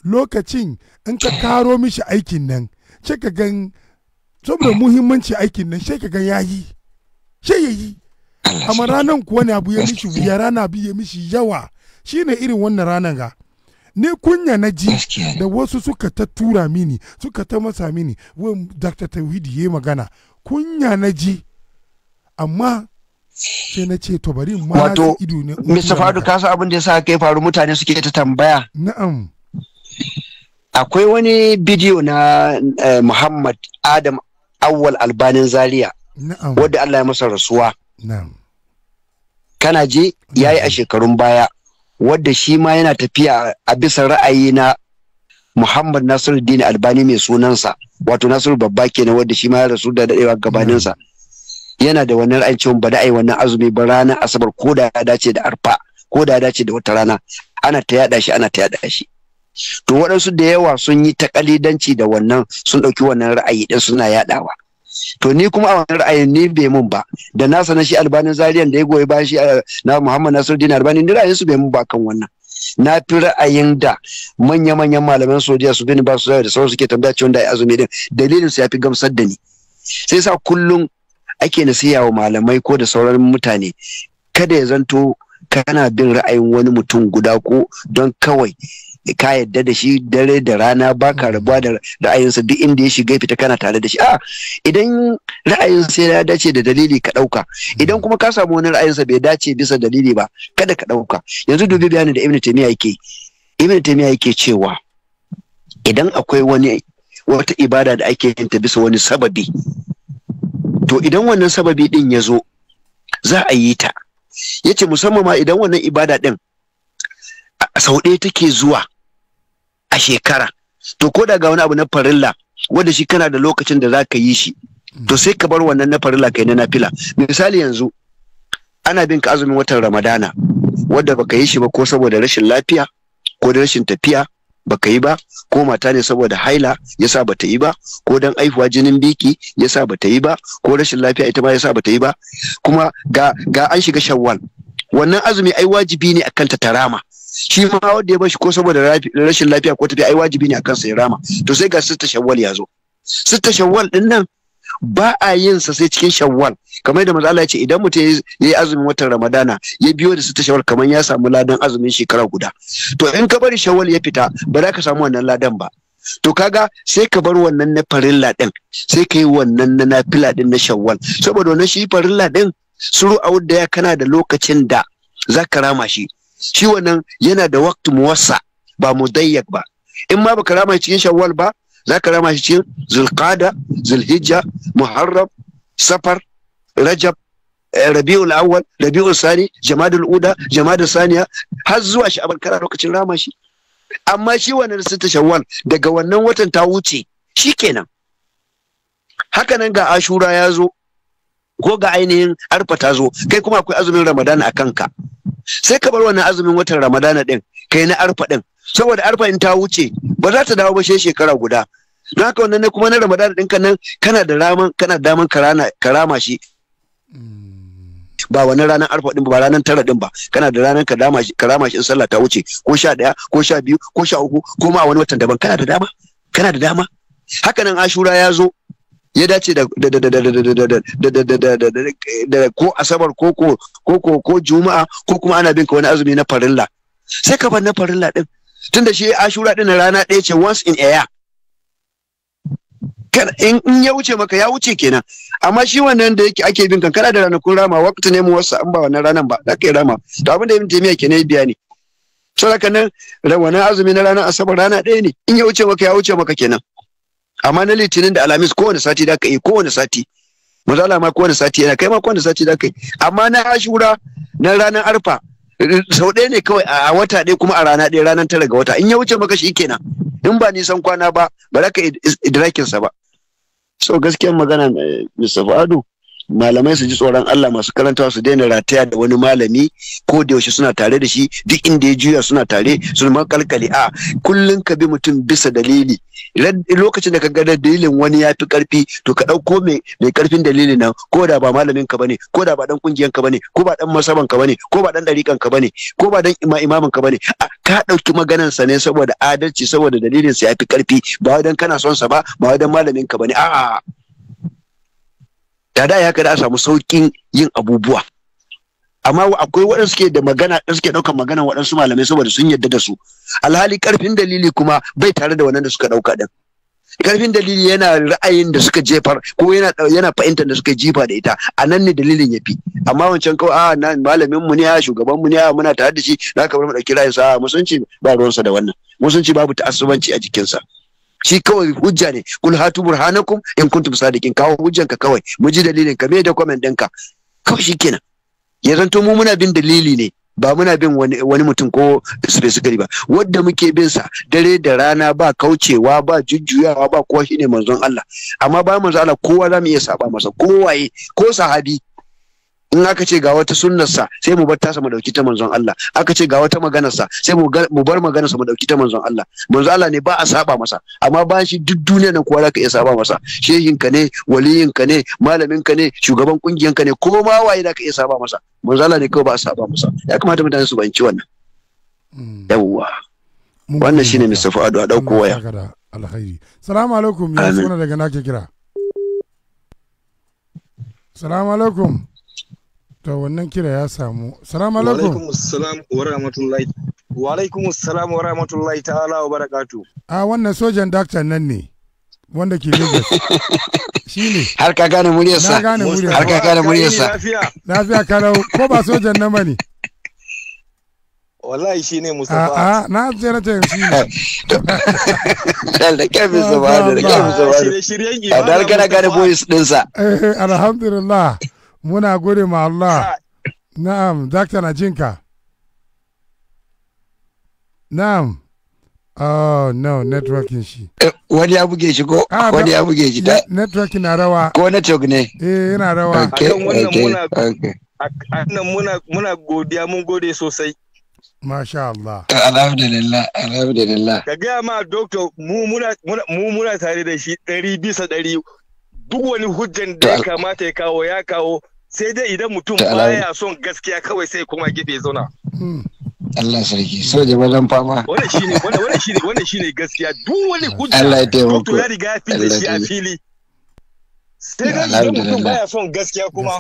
lokacin in ka karo mishi aikin nan sai ka gan saboda eh. muhimmanci aikin nan sai ka gan ya yi sai ya yi amma ranan kuwa ne abu ya mishi buya rana biya mishi yawa shine irin wannan ranan ga ni kunya na ji da wasu suka ta tura mini suka ta masa mini wai dr tawhidi ya magana kunya na ji amma sai na ce to bari ma wato mr fadu ka san abin da yasa kai faru mutane suke ta tambaya na'am akwai wani bidiyo na eh, muhammad adam awwal albanin zaria na'am wanda Allah ya masa rasuwa na'am kana ji yayi a shekarun baya wadda shi ma yana tafiya a bisa ra'ayi na Muhammad Nasiruddin Albani mai sunansa wato Nasiru babba kenan wadda shi ma ya rasu da dadewa gabaninsa yana da wannan ra'ayin cewa ba da ai wannan azumi ba ranar asabar ko da ya dace da arfa ko da ya dace da wata rana ana ta yada shi ana ta yada shi to waɗansu da yawa sun yi takalidanci da wannan sun ɗauki wannan ra'ayi ɗin suna yadawa to ni kuma a wani ra'ayin ni bai mun ba da na sanar shi albanin zariyan da ya goyi bayan shi eh, na Muhammad dina Albani ni ra'ayin su bai mun ba kan wannan na fi ra'ayin da manya-manyan malaman sojiya su bini ba su da sauran suke tambaya cewa da ya azumi din dalilin su ya fi gamsar da ni sai sa kullum ake nasiya wa malamai ko da sauran mutane kada ya zanto kana bin ra'ayin wani mutum guda ko don kawai ka yadda da shi dare da rana ba ka rabuwa da ra'ayinsa duk inda ya shiga fita kana tare da shi a ah, idan ra'ayinsa ya dace da dalili ka ɗauka idan kuma ka samu wani ra'ayinsa bai dace bisa dalili ba kada ka ɗauka yanzu dubi bayani da ibn taymiya yake ibn taymiya yake cewa idan akwai wani wata ibada da ake yin ta bisa wani sababi to idan wannan sababi din ya zo za a yi ta yace musamman ma idan wannan ibada din sau ɗaya take zuwa a shekara to ko daga wani abu na farilla wanda shi kana da lokacin da za ka yi shi to sai ka bar wannan na farilla kai na nafila misali yanzu ana bin ka azumin watan ramadana wanda baka yi shi ba ko saboda rashin lafiya ko da rashin tafiya baka yi ba ko mata ne saboda haila ya yasa bata yi ba ko dan aifuwa jinin biki ya ba bata yi ba ko rashin lafiya ita ma yasa bata yi ba kuma ga ga an shiga shawwal wannan azumi ai wajibi ne akan ta tarama shi ma wanda ya bashi ko saboda rashin lafiya ko tafiya ai wajibi ne a kansa ya rama to sai ga sitta shawwal ya zo sitta shawwal din nan ba a yin sa sai cikin shawwal kamar yadda manzo ya ce idan mutum ya yi azumin watan Ramadana ya biyo da sitta shawwal kamar ya samu ladan azumin shekara guda to in ka bari shawwal ya fita ba za ka samu wannan ladan ba to kaga sai ka bar wannan na farilla din sai ka yi wannan na nafila din na shawwal saboda wannan shi farilla din suru a wadda ya kana da lokacin da za ka rama shi ciwon nan yana da mu wasa, ba mu mudayyak ba in ma baka rama cikin shawwal ba za ka rama shi cikin zulqada zulhijja muharram safar rajab eh, rabi'ul awwal rabi'ul sani jamadul uda jamadul saniya har zuwa sha'ban kara lokacin rama shi amma shi wannan sita shawwal daga wannan watan ta wuce shikenan haka nan ga ashura ya zo ko ga ainihin arfa ta zo kai kuma akwai azumin ramadan a kanka sai ka bar wannan azumin watan ramadana din kai na arfa din saboda arfa in ta wuce ba za ta dawo ba sai shekara guda don haka wannan ne kuma na ramadana din nan kana da raman kana da daman karama shi hmm. ba wannan ranar arfa din ba ranar tara din ba kana da ranar ka dama karama shi in sallah ta wuce ko sha daya ko sha biyu ko sha uku ko ma wani watan daban kana da dama kana da dama haka nan ashura ya zo ya dace da ko asabar ko ko ko juma'a ko kuma ana bin ka wani azumi na farilla sai ka bar na farilla din tunda shi ashura din rana ɗaya ce once in a year in ya wuce maka ya wuce kenan amma shi wannan da yake ake bin kan kana da ranakun rama wakati ne mu wasu an ba wannan ranan ba da kai rama to abin da yake miya kenan ya biya ne saboda nan wannan azumi na ranar asabar rana ɗaya ne in ya wuce maka ya wuce maka kenan amma na litinin da alhamis kowane sati da ka yi kowane sati mazala ma kowane sati yana kai ma kowane sati da ka yi amma na ashura na ranar arfa sau ɗaya ne kawai a wata ɗaya kuma a rana ɗaya ranar tara ga wata in ya wuce maka shi kenan in ba nisan kwana ba ba za ka idrakinsa ba so gaskiyar magana eh, mr fa'adu malamai su ji tsoron Allah masu karantawa su daina rataya da wani malami ko da yaushe suna tare da shi duk inda ya juya suna tare su ma a kullum ka bi mutum bisa dalili idan lokacin da ka ga dalilin wani ya fi karfi to ka ɗauko mai mai karfin dalilin nan ko da ba malamin ka bane ko da ba dan kungiyan ka bane ko ba dan masaban ka bane ko ba dan dariƙan ka bane ko ba dan imamin ka bane ka ɗauki maganan sa ne saboda adalci saboda dalilin sa ya fi karfi ba wai dan kana son sa ba ba wai dan malamin ka bane a'a da da ya kada a samu saukin yin abubuwa amma akwai waɗanda suke da magana ɗansu ke ɗaukar magana waɗansu malamai saboda sun yadda da su alhali ƙarfin dalili kuma bai tare da wannan da suka ɗauka ɗin Ƙarfin dalili yana ra'ayin da suka jefar ko yana yana fahimtar da suka jifa da ita a nan ne dalilin ya fi amma wancan kawai a ah, nan malamin mu ne a ah, shugaban mu ne a ah, muna tare da shi za ka bar mu ɗauki ra'ayinsa a musulunci ba ruwansa da wannan musulunci babu ta'assubanci a jikinsa shi kawai hujja ne kul hatu burhanakum in kuntum sadiqin kawo hujjanka kawai mu ji dalilin ka me da comment ɗinka kawai shikenan ya zanto mu muna bin dalili ne ba muna bin wani mutum ko specifically ba Wadda muke bin sa dare da rana ba kaucewa ba jujjuyawa ba kowa shine manzon Allah amma ba manzon Allah kowa mu iya saba masa ko waye ko sahabi in aka ce ga wata sunnarsa sai mu bar tasa mu dauki ta manzon Allah aka ce ga wata maganarsa sai mu bar maganarsa mu dauki ta manzon Allah manzon Allah ne ba a saba masa amma ba shi duk duniya nan kowa zaka iya saba masa shehin ka ne waliyin ka ne malamin ka ne shugaban kungiyan ka ne ko ma waye zaka iya saba masa manzon Allah ne kawai ba a saba masa ya kamata mutane su banci wannan hmm. yawwa wannan shine Mr. Fuadu a dauko waya alkhairi salamu alaikum ya suna daga nake kira salamu alaikum to wannan kira ya samu salamu alaikum wa rahmatullahi wa alaikum assalam wa rahmatullahi ta'ala wa barakatu a ah, wannan sojan daktar nan ne wanda ke Lagos shi ne har ka gane muryarsa har ka gane muryarsa lafiya kalau ko ba sojan nan bane wallahi shi ne Mustapha. A'a ah, ah, na tsere ta yanzu ne. Da kafin su ba da kafin da. Adar kana gane boys dinsa. Eh, eh, alhamdulillah. muna gode ma Allah na'am dakta na jinka na'am oh no networking shi eh, wani ya buge shi ko ah, wani ya buge shi da networking na rawa ko network ne eh yana rawa okay okay okay muna muna godiya mun gode sosai Masha Allah. Alhamdulillah, alhamdulillah. Ka gaya ma doktor mu muna tare da shi ɗari bisa ɗari duk wani hujjan da ya kamata ya kawo ya kawo sai dai idan mutum baya son gaskiya kawai sai kuma gefe zauna hmm. Allah sarki soja wajen fama wannan shine wannan shine wannan shine gaskiya duk wani hujja Allah ya taimako to ya riga ya fili shi a fili sai dai idan mutum baya son gaskiya kuma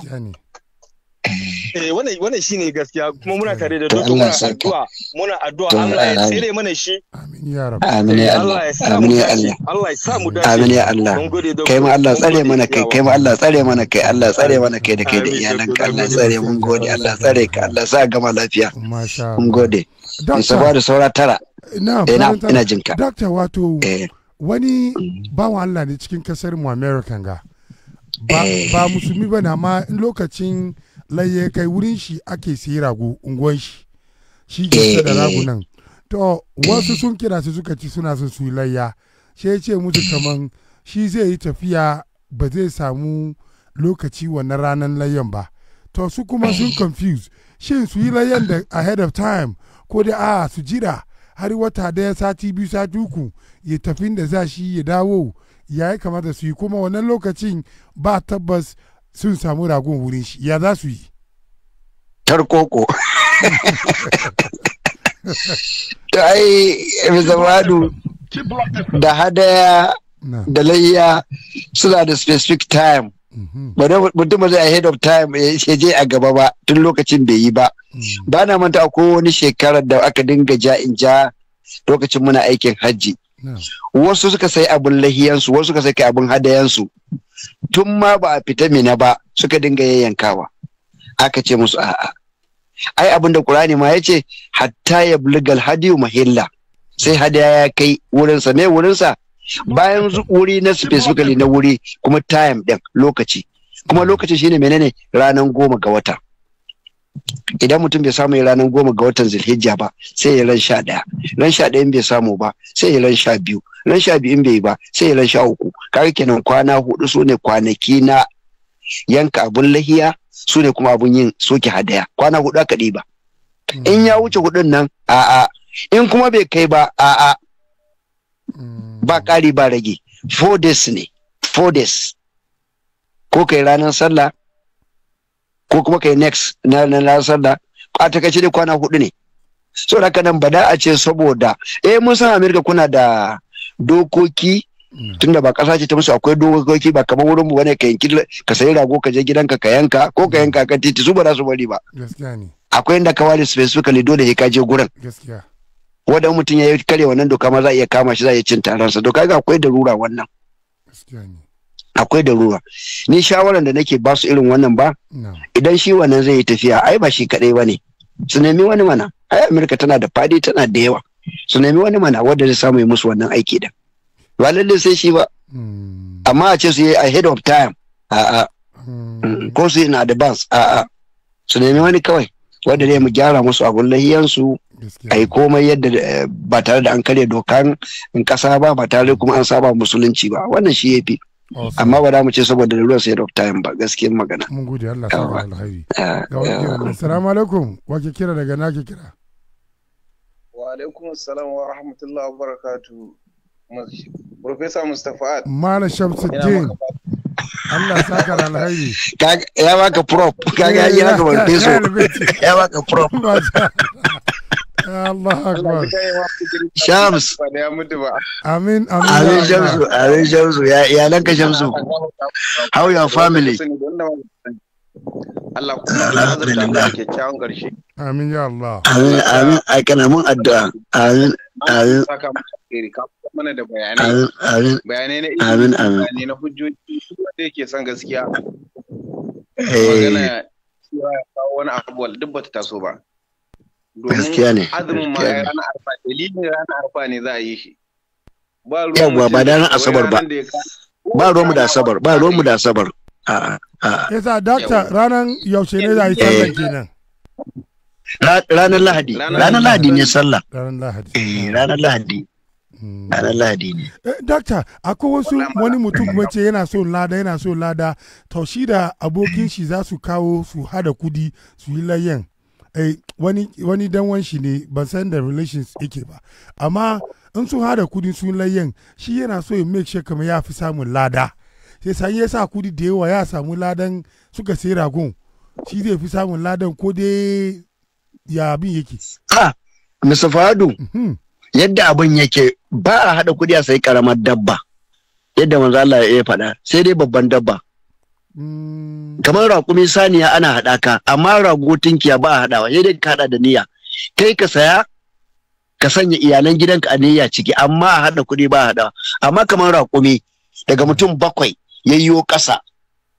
Eh, wannan shi ne gaskiya kuma muna tare da duk muna addu'a muna addu'a Allah ya tsire mana shi amin ya rabu amin ya eh, Allah amin ya Allah Allah ya sa mu dace amin ya Allah kai ma Allah tsare mana kai kai ma Allah tsare mana kai Allah tsare mana kai da kai da iyalanka Allah tsare mun gode Allah tsare ka Allah sa gama lafiya mun gode in saba da saura tara eh, ina ina jinka doctor wato wani mm. bawan Allah ne cikin kasar mu American ga ba musulmi ba na ma lokacin laye kai wurin shi ake sayi rago unguwan shi shi ke eh, da ragunan eh. to wasu sun kira su suka ci suna son su layya shi ce musu kaman shi zai yi tafiya ba zai samu lokaci wannan ranar layyan ba to su kuma sun eh. confuse shin su yi layyan da ahead of time ko da a su jira har wata daya sati biyu sati uku ya tafi da za shi ya dawo ya yi kamata su yi kuma wannan lokacin ba tabbas sun samu ragon wurin shi ya za su yi tarkoko ta ai zamanu da hadaya da layya suna da specific time mhm. mutum ba zai ahead of time ya je a gaba ba tun lokacin bai yi ba mm. ba na manta ko wani shekarar da aka dinga ja in ja lokacin muna aikin hajji wasu suka sai abin lahiyansu wasu suka sai abin hadayansu tun ma ba a fita mina ba suka dinga yayyankawa aka ce musu a'a ai abin da qur'ani ma yace hatta ya bulgal hadiyu mahilla sai hadaya ya kai wurinsa mai wurinsa bayan wuri na specifically na wuri kuma time din lokaci kuma lokacin shine menene ranar goma ga wata idan mutum bai samu ranar goma ga watan zulhijja ba sai ya ran sha ɗaya ran sha ɗaya bai samu ba sai ya ran sha biyu ran sha biyu bai ba sai ya ran sha uku kaga kenan kwana hudu su ne kwanaki na yanka abun lahiya su ne kuma abun yin soke hadaya kwana hudu aka ɗiba mm. in ya wuce hudun nan a'a in kuma bai kai ba a'a mm. ba ƙari ba rage four ne four ko kai ranar sallah ko kuma kai next na na da a takaice dai kwana hudu ne so da nan ba da a ce saboda eh mun san amerika kuna da dokoki hmm. tunda ba kasa ce ta musu akwai dokoki ba kamar wurin mu bane ka yanki ka sayi rago ka je gidanka ka yanka ko ka yanka ka titi su ba za su bari ba akwai inda ka ware specifically dole ya ka je gurin gaskiya wanda mutum ya yi kare wannan doka ma za a iya kama shi za a iya cin sa doka ga akwai darura wannan akwai da ruwa, ni shawaran da nake ba su irin wannan ba idan shi wannan zai yi tafiya ai ba shi kadai ba ne su nemi wani mana ai amurka tana da fadi tana da yawa su nemi wani mana wanda zai samu ya musu wannan aiki da ba lallai sai shi ba hmm. amma a ce su yi ahead of time a'a hmm. ko su yi in advance a'a su nemi wani kawai wanda zai mu gyara musu abun lahiyansu a yi komai yadda eh, ba tare da an karya dokan in kasa ba ba tare kuma an saba musulunci ba wannan shi ya fi amma ba da mu ce saboda ruwan sai of time ba gaskiyar magana mun gode Allah sa ba alhaji assalamu alaikum wa ke kira daga na ke kira wa alaikum assalam wa rahmatullahi wa barakatuh Profesa Mustapha Mala Shamsuddin Allah saka da alhaji ya baka prop ya baka professor eh, ya baka prop Allah akbar. Shams. Amin amin. Shamsu, amin Shamsu, ya iyalanka Shamsu. How your family? Allah da Amin ya Allah. Amin amin kana mun addu'a. Amin amin. mana Amin amin. Bayanai na hujjoji da yake san gaskiya. Magana wani duk bata taso ba. Gaskiya ne, ma dalilin ranar arfa ne za a yi shi ba ruwan ba da ranar asabar ba ba ruwan da asabar ba ruwan da asabar a a yasa dakta ranar yaushe ne za a yi eh. sallar kenan ranar lahadi ranar lahadi ne sallah ranar lahadi eh ranar lahadi hmm. ranar lahadi ne eh, dakta akwai wasu wani mutum kuma ce yana so lada yana so lada taushi da abokin shi za su kawo su hada kudi su yi layyan eh, wani wani danwan shi ne ban san da relations yake ba amma in sun hada kudi sun layyan shi yana so ya make sure kamar ya fi samun lada sai san ya sa kudi da yawa ya samu ladan suka sai ragon shi zai fi samun ladan ko dai ya abin yake ha Mr. Fadu mm-hmm. yadda abin yake ba a hada kudi a sai karamar dabba yadda manzo Allah ya faɗa sai dai babban dabba kamar raƙumi saniya ana haɗa ka amma rago tunkiya ba a haɗawa sai dai ka haɗa da niyya kai ka saya ka sanya iyalan gidanka a niyya ciki amma a haɗa kuɗi ba a haɗawa amma kamar raƙumi daga mutum bakwai yayyo ƙasa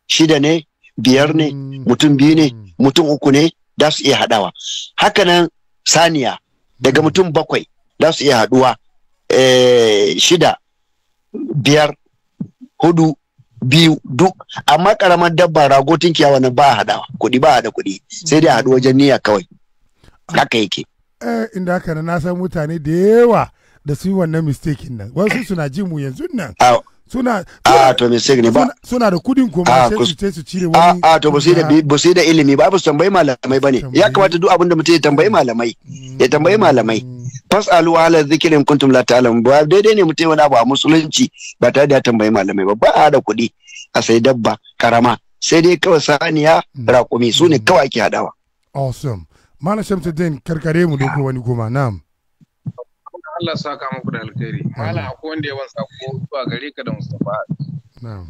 shida ne biyar ne mm. mutum biyu ne mm. mutum uku ne za su iya haɗawa nan saniya daga mm. mutum bakwai za su iya haɗuwa eh, shida biyar hudu biyu duk amma karamar dabba rago tunkiya wannan ba hada kuɗi ba da kuɗi sai dai haɗu wajen niyya kawai haka yake eh, inda haka na san mutane da yawa da su yi wannan mistake nan wasu suna ji mu yanzu nan suna a to mistake ne ba suna da kudin kuma sai su cire wani a to ba ba sai da ilimi ba ba su tambayi malamai bane ya kamata duk abin da mutum ya tambayi malamai ya tambayi malamai fasalu ala zikirin kuntum la ta'lamun ba daidai ne mutai wani abu a musulunci ba tare da tambayi malamai ba ba a da kuɗi a sai dabba karama sai dai kawai saniya hmm. raƙumi su ne hmm. kawai ake haɗawa. awesome mana Din karkare mu dai wani goma na'am Allah saka muku da alkhairi Mala akwai wanda ya wasa ko zuwa gare ka da Mustafa na'am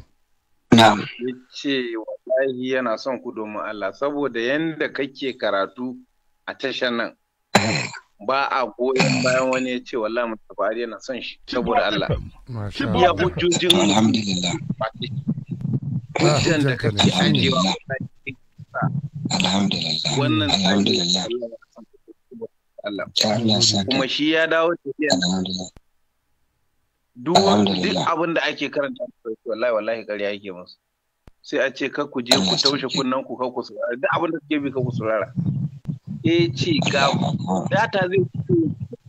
na'am yace wallahi yana son ku domin Allah saboda yanda kake karatu a tashan nan eh. ba a goyon bayan wani ya ce wallahi Mustapha Ali yana son shi saboda Allah. Ya hujjojin Alhamdulillah. Hujjan da ka ce an je Alhamdulillah. Wannan Alhamdulillah. Allah. Kuma shi ya dawo tafiya. Duk abin da ake karanta wallahi wallahi ƙarya yake musu. Sai a ce kar ku je ku taushe kunnen ku kar ku saurara duk abin da suke bi kar ku saurara. ya ce ga data zai fito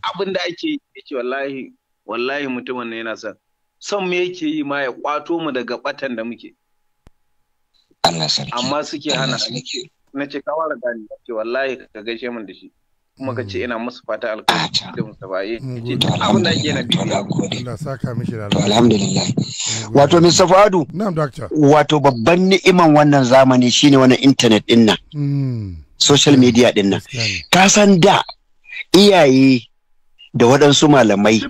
abin da ake yi yake wallahi wallahi mutumin ne yana son son me yake yi ma ya kwato mu daga batan da muke amma suke hana na ce ka wara gani ce wallahi ka gaishe min da shi kuma ka ce ina musu fata alkhairi da musu baye. Eh. abin da ake na biyu Allah saka mishi da alhamdulillah wato Mr. Fadu na'am doctor wato babban ni'iman wannan zamani shine wannan internet din nan hmm. social hmm. media din nan hmm. ka san da iyaye da waɗansu malamai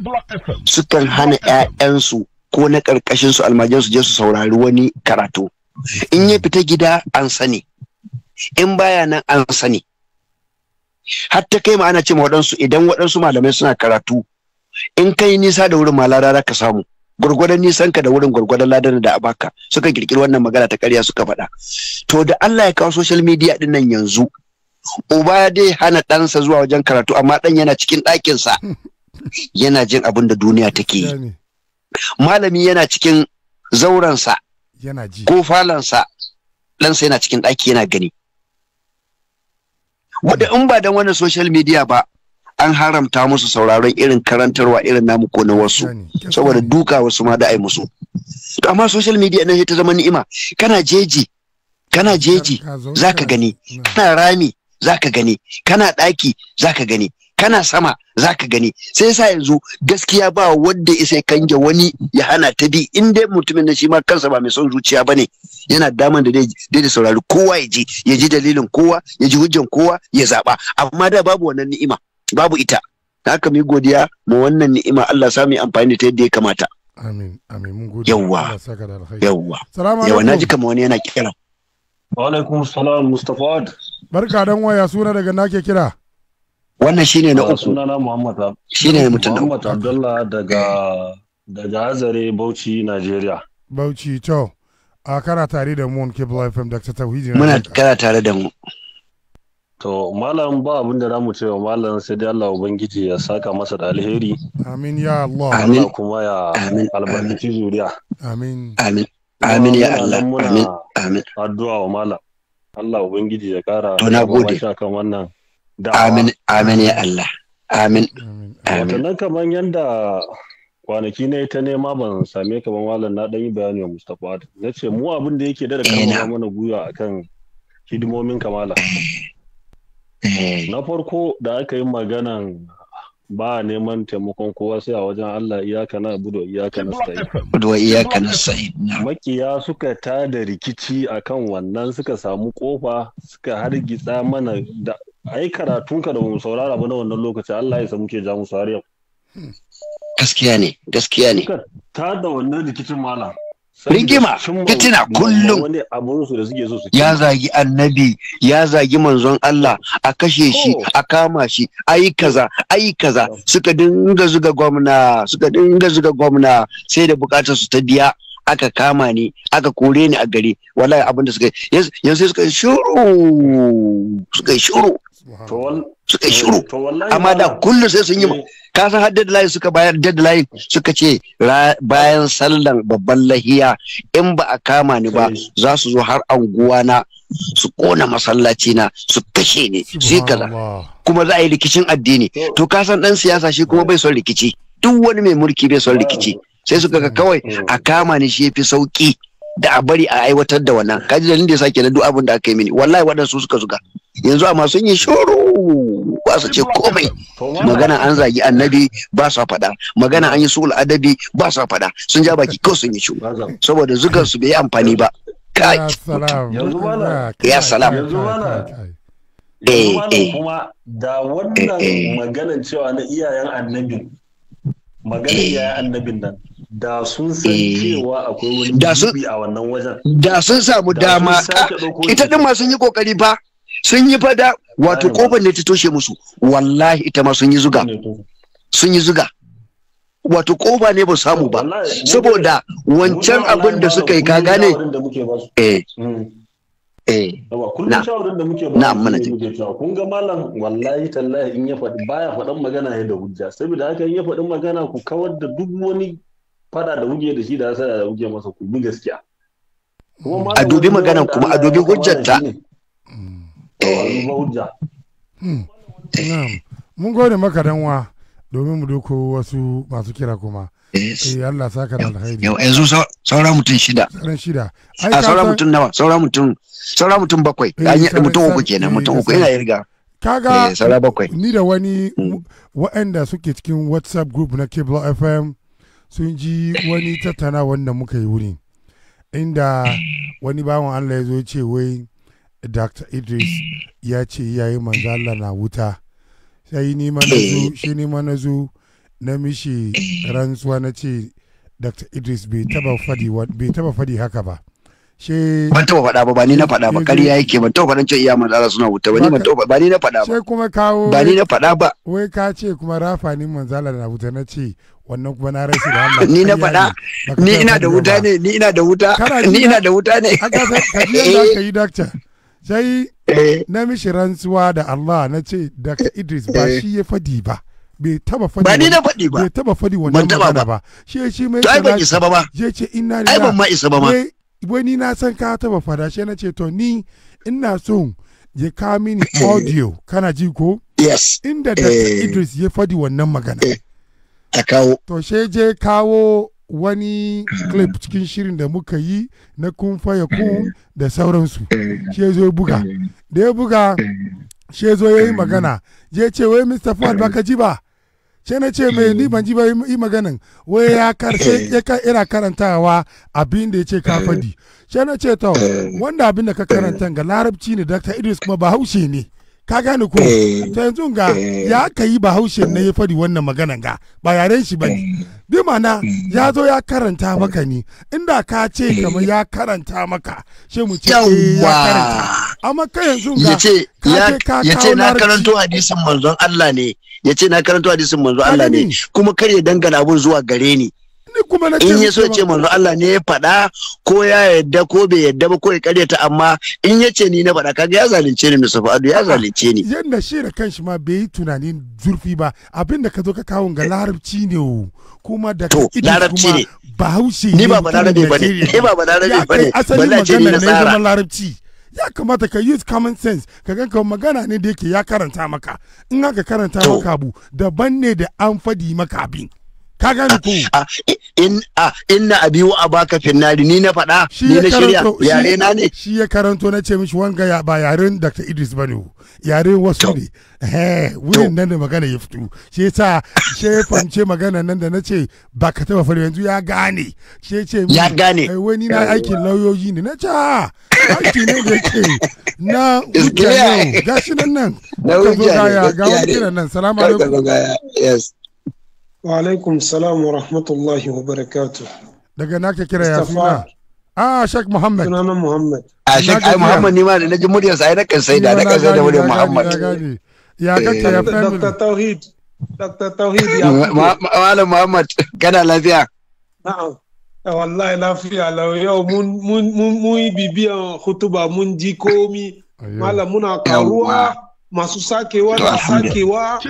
sukan hana 'ya'yansu ko na ƙarƙashin su almajiran su je su saurari wani karatu in ya fita gida an sani in baya nan an sani hatta kai ma ana ce waɗansu idan waɗansu malamai suna karatu in kai nisa da wurin malara za ka samu gwargwadon nisan ka da wurin gwargwadon ladan da a baka suka kirkiri wannan magana ta ƙarya suka faɗa to da Allah ya kawo social media din nan yanzu uba dai hana ɗansa zuwa wajen karatu amma ɗan yana cikin ɗakinsa yana jin abin da duniya take yi malami yana cikin ji ko sa, ɗansa yana cikin ɗaki yana gani wanda in ba dan wannan social media ba an haramta musu sauraron irin karantarwa irin namu ko na wasu saboda duka wasu ma da ai musu amma social media nan ta zama ni'ima kana jeji kana jeji zaka gani kana rami zaka gani kana ɗaki zaka gani kana sama zaka gani sai sa yanzu gaskiya ba wanda isa kange wani ya hana ta bi in dai mutumin na shi ma kansa ba mai son zuciya bane yana daman da dai da saurari kowa ya ji ya ji dalilin kowa ya ji hujjan kowa ya zaba amma da babu wannan ni'ima babu ita haka mu godiya mu wannan ni'ima Allah sami amfani ta yadda ya kamata amin amin mun gode yawwa yawwa yawwa naji kama wani yana kira wa alaikum salam mustafa barka dan waya suna daga nake kira wannan shine na uku sunana muhammad shine mutum na muhammad abdullah daga daga azare bauchi nigeria bauchi to a kana tare da mu on kibla fm dr tauhidi muna kana tare da mu To malam ba abin da zamu cewa malam sai dai Allah ubangiji ya saka masa da alheri. Amin ya Allah. Amin kuma ya albarkaci zuriya. Amin. Amin. Amin ya Allah. Amin. Amin. Addu'a wa malam. Allah ubangiji ya kara. To na gode. wannan. Amin. Amin ya Allah. Amin. Amin. Wannan kaman yanda kwanaki ne ta nema ban same ka ba malam na dan yi bayani wa Mustapha. Nace mu abin da yake da da eh, mana gwiwa akan hidimomin kamala. Eh. Eh. na farko da aka yi maganan ba neman taimakon kowa sai a wajen Allah iyaka na budo iyaka na sa'i. Da iyaka na sa'i. Makiya suka ta da rikici akan wannan suka samu kofa suka hargitsa mana da ai ka da mu saurara ba na wannan lokaci Allah ya samu ke ja musu har yau. Gaskiya ne, gaskiya ne. Ta da wannan rikicin malam. rigima fitina kullum ya zagi annabi ya zagi manzon Allah a kashe shi oh. a kama shi ayi kaza ayi kaza suka dinga zuga gwamna suka dinga zuga gwamna sai da bukatar su ta biya aka kama ni aka kore ni a gari wallahi abin da suka yanzu suka shuru suka shuru suka shuru amma da kullum sai sun yi eh, ka har deadline suka bayar deadline suka ce bayan sallan babban lahiya in ba a kama ni ba za su zo har anguwa na su kona masallaci na su kashe ni su kaza kuma za a yi rikicin addini to kasan san dan siyasa shi kuma bai son rikici duk wani mai mulki bai son rikici sai suka ga kawai a kama ni shi yafi sauki da a bari a aiwatar da wannan kaji dalilin da ya ke na duk abin da aka yi mini wallahi waɗansu suka zuga yanzu amma sun yi shuru ba su ce komai magana an zagi annabi ba su faɗa magana an yi sul adabi ba su faɗa sun ja baki ko sun yi shuru saboda zugar su bai yi amfani ba kai ya salam eh eh da eh, wannan eh. maganar cewa na iyayen annabin maganar eh. iyayen annabin nan da sun san eh, cewa akwai wani da sun samu dama ah, ita din ma sun yi kokari fa sun yi fada wato kofar ne ta toshe musu wallahi ita ma sun yi zuga sun yi zuga wato kofa ne ba samu ba saboda wancan abin da suka yi ka gane eh, hmm. eh. na, mana ce. Kun ga malam wallahi tallahi in ya faɗi baya faɗan magana ya da hujja. Saboda haka in ya faɗi magana ku kawar da duk wani fada da wuge da shi da hasara da wuge masa ku gaskiya hmm. a dubi magana kuma a dubi ta mun gode maka danwa domin mu doko wasu masu kira kuma eh Allah saka da alheri. yau yanzu saura mutum shida sauran shida ai saura mutum nawa saura mutum saura mutum bakwai eh, an yi mutum uku kenan mutum eh, uku yana yirga. kaga eh, ni da wani hmm. waɗanda suke cikin whatsapp group na cable fm sun ji wani tattana wanda muka yi wuri inda wani bawan Allah ya zo ce wai Dr. Idris ya ce yayi manzo Allah na wuta sai ni ma na zo eh. shi ni ma na zo na mishi rantsuwa na ce Dr. Idris bai taba fadi bai taba fadi haka ba she ban taba faɗa ba ba ni na faɗa ba kariya yake ban taba faɗan cewa iya manzo Allah suna wuta ba ni ban taba ba ni na faɗa ba sai kuma kawo ba ni na faɗa ba wai ka ce kuma rafa ni manzo Allah na wuta na ce wannan kuma na rashi da Allah ni na faɗa ni ina da wuta ne ni ina da wuta ni ina da wuta ne ka ji yadda aka yi doctor eh. sai eh. na mishi rantsuwa da Allah na ce Dr. Idris eh. ba shi ya fadi ba bai taba fadi ba ni na fadi ba bai taba fadi wannan magana ba shi shi mai to ai ban isa ba ba je ce ina ai ban ma isa ba ma wai ni na san ka taba fada shi na ce to ni ina so ya ka mini audio kana ji ko yes inda Dr. Idris ya fadi wannan magana a kawo to she je kawo wani clip cikin shirin da muka yi na kun faya kun eh. da sauransu eh. she zo buga eh. da ya buga she zo ya yi magana je ce wai mr ford baka ji ba sai na ce mai ni ban ji ba yi maganin wai ya karshe ya ka ina karantawa abin da ya ce ka fadi na ce to wanda abin da ka karanta ga larabci ne dr idris kuma ba haushe ne ka gane ko eh, to yanzu ga eh. ya aka yi bahaushe na ya fari wannan magana ga ba yaren shi bane eh. bi mana ya zo ya karanta maka ni, inda ka ce kamar ya karanta maka shi mu ce ya karanta amma kai yanzu ga yace yace ce na karanto hadisin manzon Allah ne yace na karanto hadisin manzon Allah ne kuma kar ya dangana abun zuwa gare ni in ya so ce manzo Allah ne ya faɗa ko ya yadda ko bai yadda ba ko ya karyata amma in ya ce ni na faɗa kaga ya zalunce ni Mr. Fa'adu ya zalunce ni yanda shi da kanshi ma bai yi tunanin zurfi ba abin da ka zo ka kawo ga eh. larabci ne kuma da to larabci ne bahaushe ni ba balarabe bane ni ba balarabe bane wallahi ce ni na tsara larabci ya kamata ka use common sense ka gan ka magana ne da yake ya karanta maka in aka karanta maka abu daban ne da an fadi maka abin ka gane ko ah, in a ah, inna abi wa abaka finnari ni na faɗa ni na shirya yare na ne shi ya karanto na ce mishi wanga ya ba yaren Dr. Idris bane yare wasu ne eh wurin nan da magana ya fito shi yasa shi ya fahimce magana nan da na ce ba ka taba fara yanzu ya gane shi ya ce ya gane wai ni na aikin lauyoyi ne na ce ah, aiki ne da ke na hujja ne gashi nan nan na zo gaya ga wani nan salamu alaikum yes wa alaikum salam wa rahmatullahi wa barakatu daga nake kira ya suna a ah, shek muhammad sunanan muhammad a ah, shek ai muhammad ne ma da naji muryarsa ai nakan sai da kan sai da muryar muhammad ya kake ya family dr tauhid dr tauhid ya malam muhammad kana lafiya na'am eh, wallahi lafiya lau yau mun mun mun yi bibiya hutuba mun ji komi malam muna karuwa masu sakewa na sakewa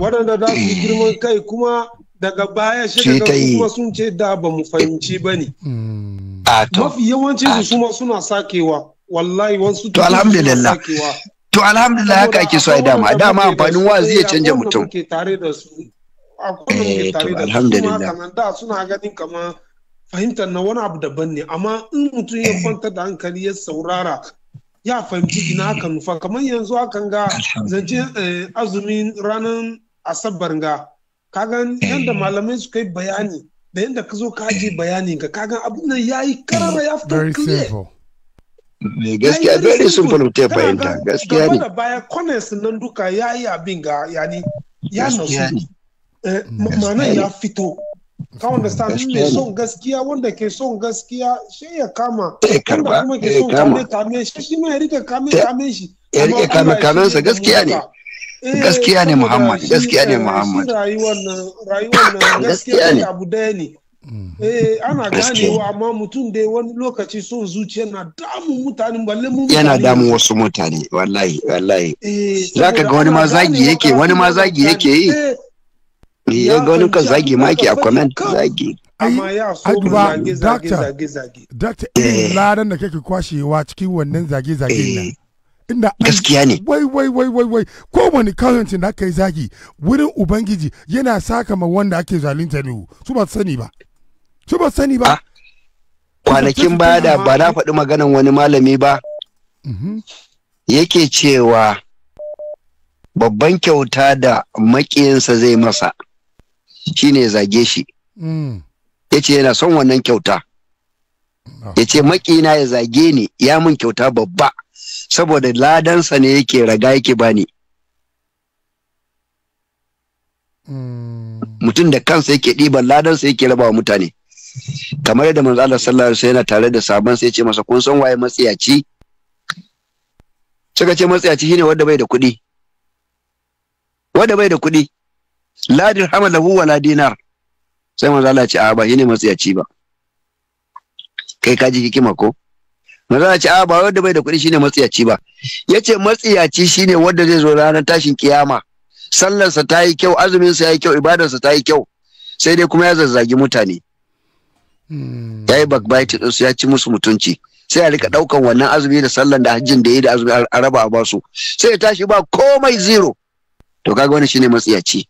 waɗanda za su eh. girman kai kuma daga baya shekaru kuma sun ce da ba mu fahimci ba ne. Hmm. Ah, Mafi yawancin su suma ah. suna sakewa wallahi wasu to alhamdulillah to alhamdulillah haka ake so a dama dama amfanin wa zai canja mutum. Eh to alhamdulillah. Da suna ganin kamar fahimtar na wani abu daban ne amma in mutum ya eh. kwanta da hankali ya saurara ya fahimci gina haka nufa kamar yanzu hakan ga zance eh, azumin ranar asabar ga kagan eh. yadda malamai suka yi bayani da yadda ka zo ka je bayani ga kagan abin nan ya yi karara ya fito clear gaskiya very simple bayan fahimta gaskiya ne gaba da baya connect nan duka ya yi abin ga yani ya nasu eh, ma'ana ya fito ka understand ne son gaskiya wanda ke son gaskiya shi ya kama wanda kuma ke son kame kame shi shi ma ya rike kame kame shi ya rike kame kame sa gaskiya ne eh, gaskiya ne muhammad gaskiya ne muhammad rayuwar nan rayuwar nan mm-hmm. eh, gaskiya ne abu daya ne Eh ana ganewa amma mutum dai wani lokaci son zuciya na damu mutane balle mu yana damu wasu mutane wallahi wallahi eh, zaka ga wani ma zagi yake wani ma zagi yake yi ya ga wani ka zagi maki a comment zagi a duba so doctor irin eh. ladan da kake kwashewa cikin wannan zage zage nan eh. inda gaskiya ne wai wai wai wai wai ko wani kawance da aka yi zagi wurin ubangiji yana saka ma wanda ake zalunta ne su ba sani ba su ba sani ba ah, kwanakin baya da ba na faɗi maganan wani malami ba mm-hmm. yake cewa babban kyauta da makiyinsa zai masa shine ya zage shi mm. ya ce yana son wannan kyauta ah. ya ce makina ya zage ni ya mun kyauta babba saboda ladansa ne yake raga yake bani mm. mutum da kansa yake ɗiban ladansa yake raba wa mutane kamar yadda manzo Allah sallallahu alaihi yana tare da sabon sai ce masa kun san waye matsiyaci suka ce matsiyaci shine wanda bai da kuɗi wanda bai da kuɗi la dirhama lahu wala dinar sai manzo Allah ya ce a ba yene matsiyaci ba kai ka ji hikima ko manzo Allah ya ce a ba wanda bai da kuɗi shine matsiyaci ba yace matsiyaci shine wanda zai zo ranar tashin kiyama sallarsa ta yi kyau azuminsa sa yi kyau ibadarsa ta yi kyau sai dai kuma ya zazzagi mutane hmm. ya yi din su ya ci musu mutunci sai ya rika ɗaukan wannan azumi da sallan da hajjin da ya yi da azumi a raba a basu sai ya tashi ba komai zero to kaga wani shine matsiyaci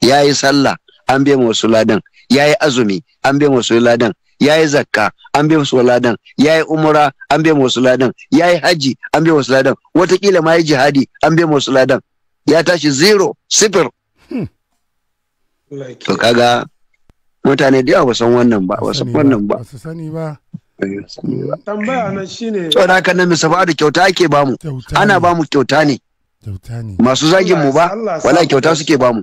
ya yi sallah an bai wasu ladan ya yi azumi an bai wasu ladan ya yi zakka an bai wasu ladan ya yi umura an bai wasu ladan ya yi haji an bai wasu ladan watakila ma yi jihadi an bai wasu ladan ya tashi zero sifir hmm. to kaga mutane da yawa ba san wannan ba ba san wannan ba su sani ba tambaya na shine tsora haka nan misafa da kyauta ake bamu ana bamu kyauta ne masu zagin mu ba wala kyauta suke bamu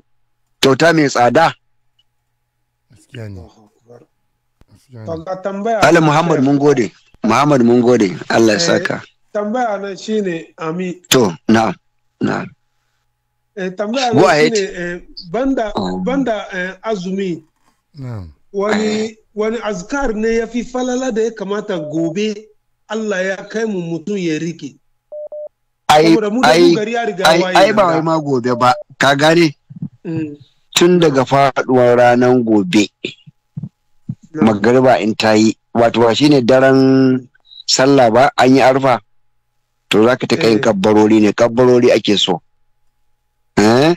kyauta mai tsada Ali Muhammad mun gode Muhammad mun gode Allah ya eh, saka tambaya nan shi ne ami to eh, na, na. tambaya nan shine eh, banda oh. banda azumi wani wani azkar ne ya fi falala da ya kamata gobe Allah ya kai mu mutum ya rike ai ai ai ba wai ma gobe ba ka gane tun daga faduwar ranar gobe magariba in ta yi wato shi shine daren sallah ba an yi arfa to za ka ta kai eh. kabbarori ne kabbarori ake so eh?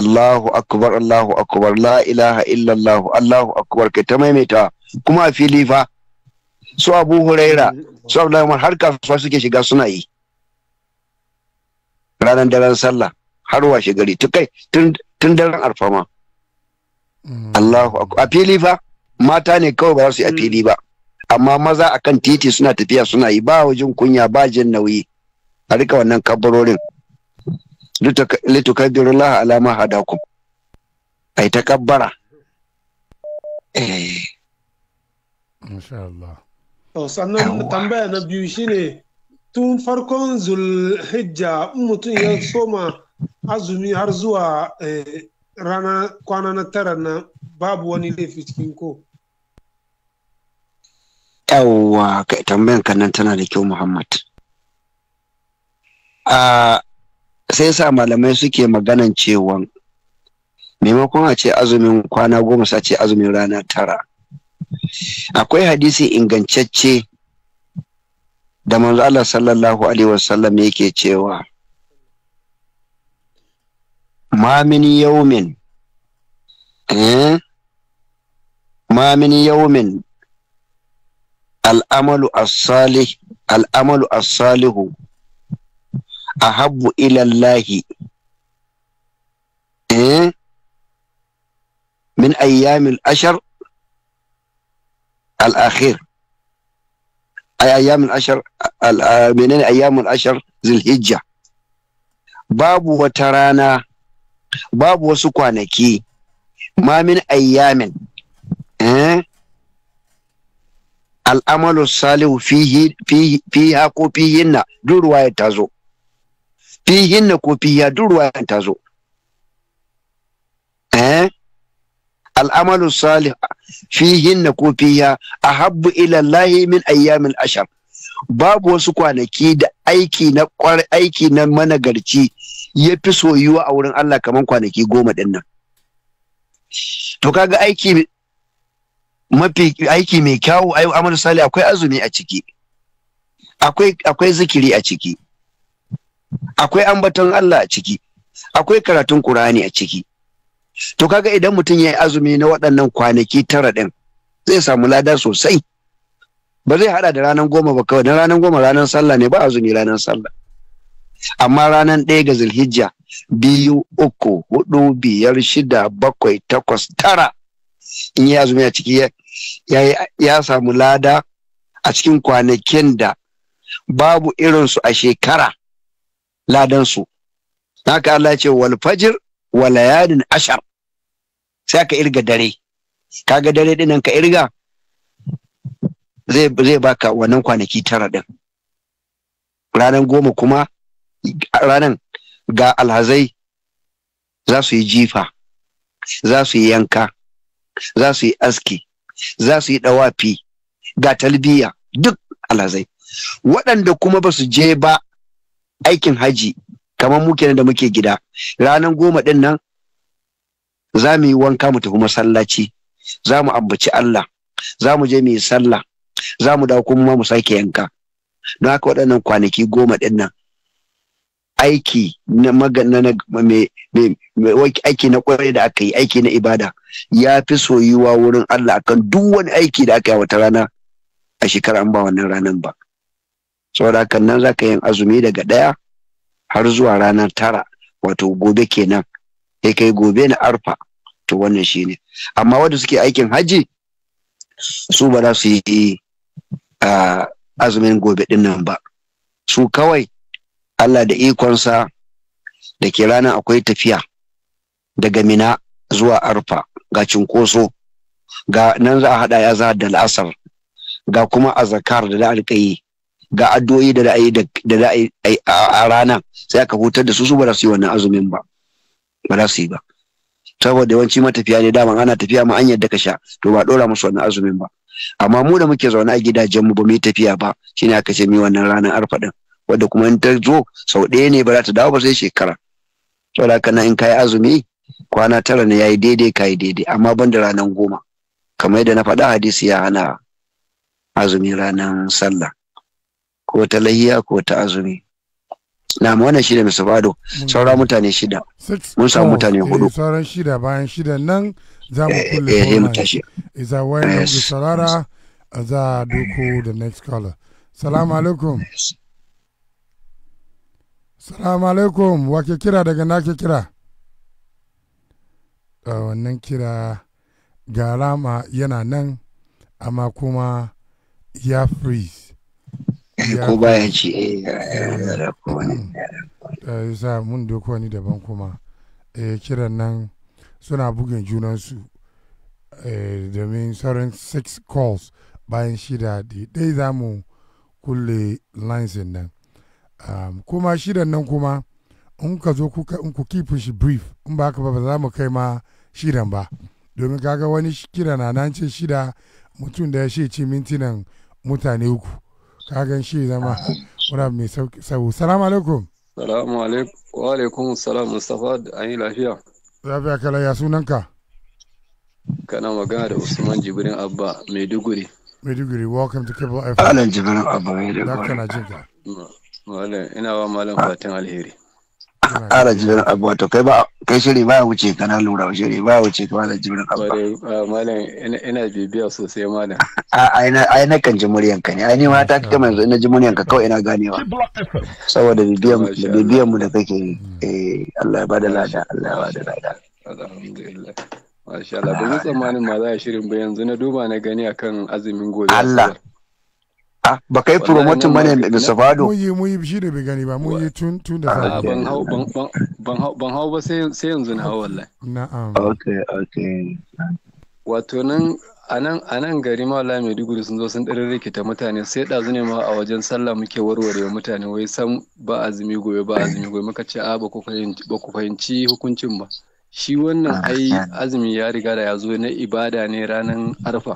Allahu akbar Allahu akbar la ilaha illallah Allahu akbar kai ta maimaita kuma a fili fa su Abu Huraira su Abu har kasuwa suke shiga suna yi ranar daren sallah har washe gari tun kai tun daren alfama mm. Allahu a fili fa mata ne kawai ba za su yi a mm. fili ba amma maza a kan titi suna tafiya suna yi ba wajen kunya ba jin nauyi a rika wannan kabarorin allah alama hadakum yi ta kabbara eh Allah sannan tambaya na biyu shine tun farkon zulhijja mutum ya soma azumi har zuwa eh, rana kwana na tara na babu wani laifi cikin ko yawwa tambayan kanan nan tana da kyau muhammad sai sa malamai suke maganan cewa maimakon a ce azumin kwana goma sa ce azumin rana tara akwai hadisi ingantacce da manzo Allah sallallahu alaihi wasallam yake cewa ما من يوم إيه؟ ما من يوم الأمل الصالح الأمل الصالح أحب إلى الله إيه؟ من أيام الأشر الأخير أي أيام الأشر آه، من أيام الأشر ذي الهجة باب وترانا babu wasu kwanaki mamin ayyamin eh, al'amalu salihu fihi, fihi, fiha ko fihinna durwa ya tazo zo fihinna ko fiha duk ruwayar ta zo eh, al'amalu salih fihinna ko fiha a habbu ilallahi min ayyamin ashar babu wasu kwanaki da aiki na aiki na managarci ya fi soyuwa a wurin Allah kamar kwanaki goma ɗin nan. To kaga aiki mafi aiki mai kyawu ayu amal sali akwai azumi a ciki. Akwai akwai zikiri a ciki. Akwai ambaton Allah a ciki. Akwai karatun Qur'ani a ciki. To kaga idan mutum ya yi azumi na waɗannan kwanaki tara ɗin zai samu lada sosai. Ba zai haɗa da ranar goma ba kawai, na ranar goma ranar sallah ne ba azumi ranar sallah. amma ranar ɗaya ga zulhijja biyu uku hudu biyar shida bakwai takwas tara in yi azumi a ciki ya samu lada a cikin kwanakin da babu irinsu a shekara ladansu haka Allah ce wal fajir wa layalin ashar sai ka irga dare kaga dare dinan ka irga zai baka wannan kwanaki tara din ranar goma kuma ranan ga alhazai za su yi jifa za su yi yanka za su yi aski za su yi dawafi ga talbiya duk alhazai waɗanda kuma ba su je ba aikin haji kamar muke da muke gida Ranan goma ɗin nan za mu yi wanka mu tafi masallaci za mu ambaci Allah za mu je mu yi sallah za mu dawo kuma mu sake yanka don haka waɗannan kwanaki goma ɗin nan aiki na magana na aiki na kwarai da aka yi aiki na ibada ya fi soyuwa wurin Allah akan duk wani aiki da aka yi wata rana a shekara an ba wannan ranar ba saboda hakan nan za ka yin azumi daga ɗaya har zuwa ranar tara wato gobe kenan sai kai gobe na arfa to wannan shine amma wanda suke aikin haji su ba za su yi ah, azumin gobe din nan ba su kawai Allah da ikonsa da ke ranar akwai tafiya daga mina zuwa arfa ga cinkoso ga nan za a haɗa ya za da la'asar ga kuma a zakar da da alƙayi ga addu'o'i da za da yi a rana sai aka hutar da su su ba za su yi wannan azumin ba ba za su yi ba saboda yawanci matafiya ne daman ana tafiya ma an yadda ka sha to ba ɗora musu wannan azumin ba amma mu da muke zaune a gidajenmu ba mu yi tafiya ba shine aka ce mu yi wannan ranar arfa din wadda kuma in ta zo sau ɗaya ne ba za ta dawo ba sai shekara saboda haka in kayi azumi kwana tara ne yayi daidai yi daidai amma ban da ranar goma kamar yadda na faɗa hadisi ya hana azumi ranar sallah ko ta lahiya ko ta azumi na wannan shida mai sabado hmm. saura mutane shida mun samu oh, mutane eh, hudu sauran shida bayan shida nan za mu eh, eh, kulle mu tashi iza sarara za doko da next caller salamu alaikum salamu alaikum wake kira daga nake kira wannan kira ga rama yana nan amma kuma ya freeze ko baya ci eh sa mun doko wani daban kuma eh, kiran nan suna bugun junansu eh, domin sauran six calls bayan shida da dai za mu kulle lines nan um, kuma shirin nan kuma in ka zo in ku kifin shi brief in ba haka ba za mu kai ma shirin ba domin kaga wani kira na nan ce shida mutum da ya shi ce mintinan mutane uku kagan shi zama wani mai sauki salamu alaikum salamu alaikum wa alaikum salam mustapha da an yi lafiya lafiya kala ya Ka kana magana da usman jibrin abba maiduguri maiduguri welcome to cable fm alan jibrin abba maiduguri Wala ina wa malam fatan alheri. Ala jibirin abu wato kai ba kai shiri ba wuce ka na lura shiri ba wuce ka malam jibirin abu. Malam ina bibiya sosai malam. A ai na kan ji muryan ka ne ai ni ma ta kika ina ji muryan ka kawai ina ganewa. Saboda bibiyan mu da kake hmm. eh Allah ya bada lada Allah ya bada lada. Alhamdulillah. Masha Allah, tsammanin ma za a shirin ba yanzu na duba na gani akan azumin gobe. Allah. ba kai promotin bane Mr. sabado mun yi mun yi shi da bai gani ba mun yi tun tun da ah, ban hau ban hau ba sai yanzu na hau wallahi na'am okay okay wato nan anan anan gari mai maiduguri sun zo sun dare rikita mutane sai ɗazu ne ma a wajen sallah muke warware mutane wai san ba azumi gobe ba azumi gobe muka ce a ba ku fahimci hukuncin ba shi wannan ah, ai eh. azumi ya riga da ya zo na ibada ne ranar arfa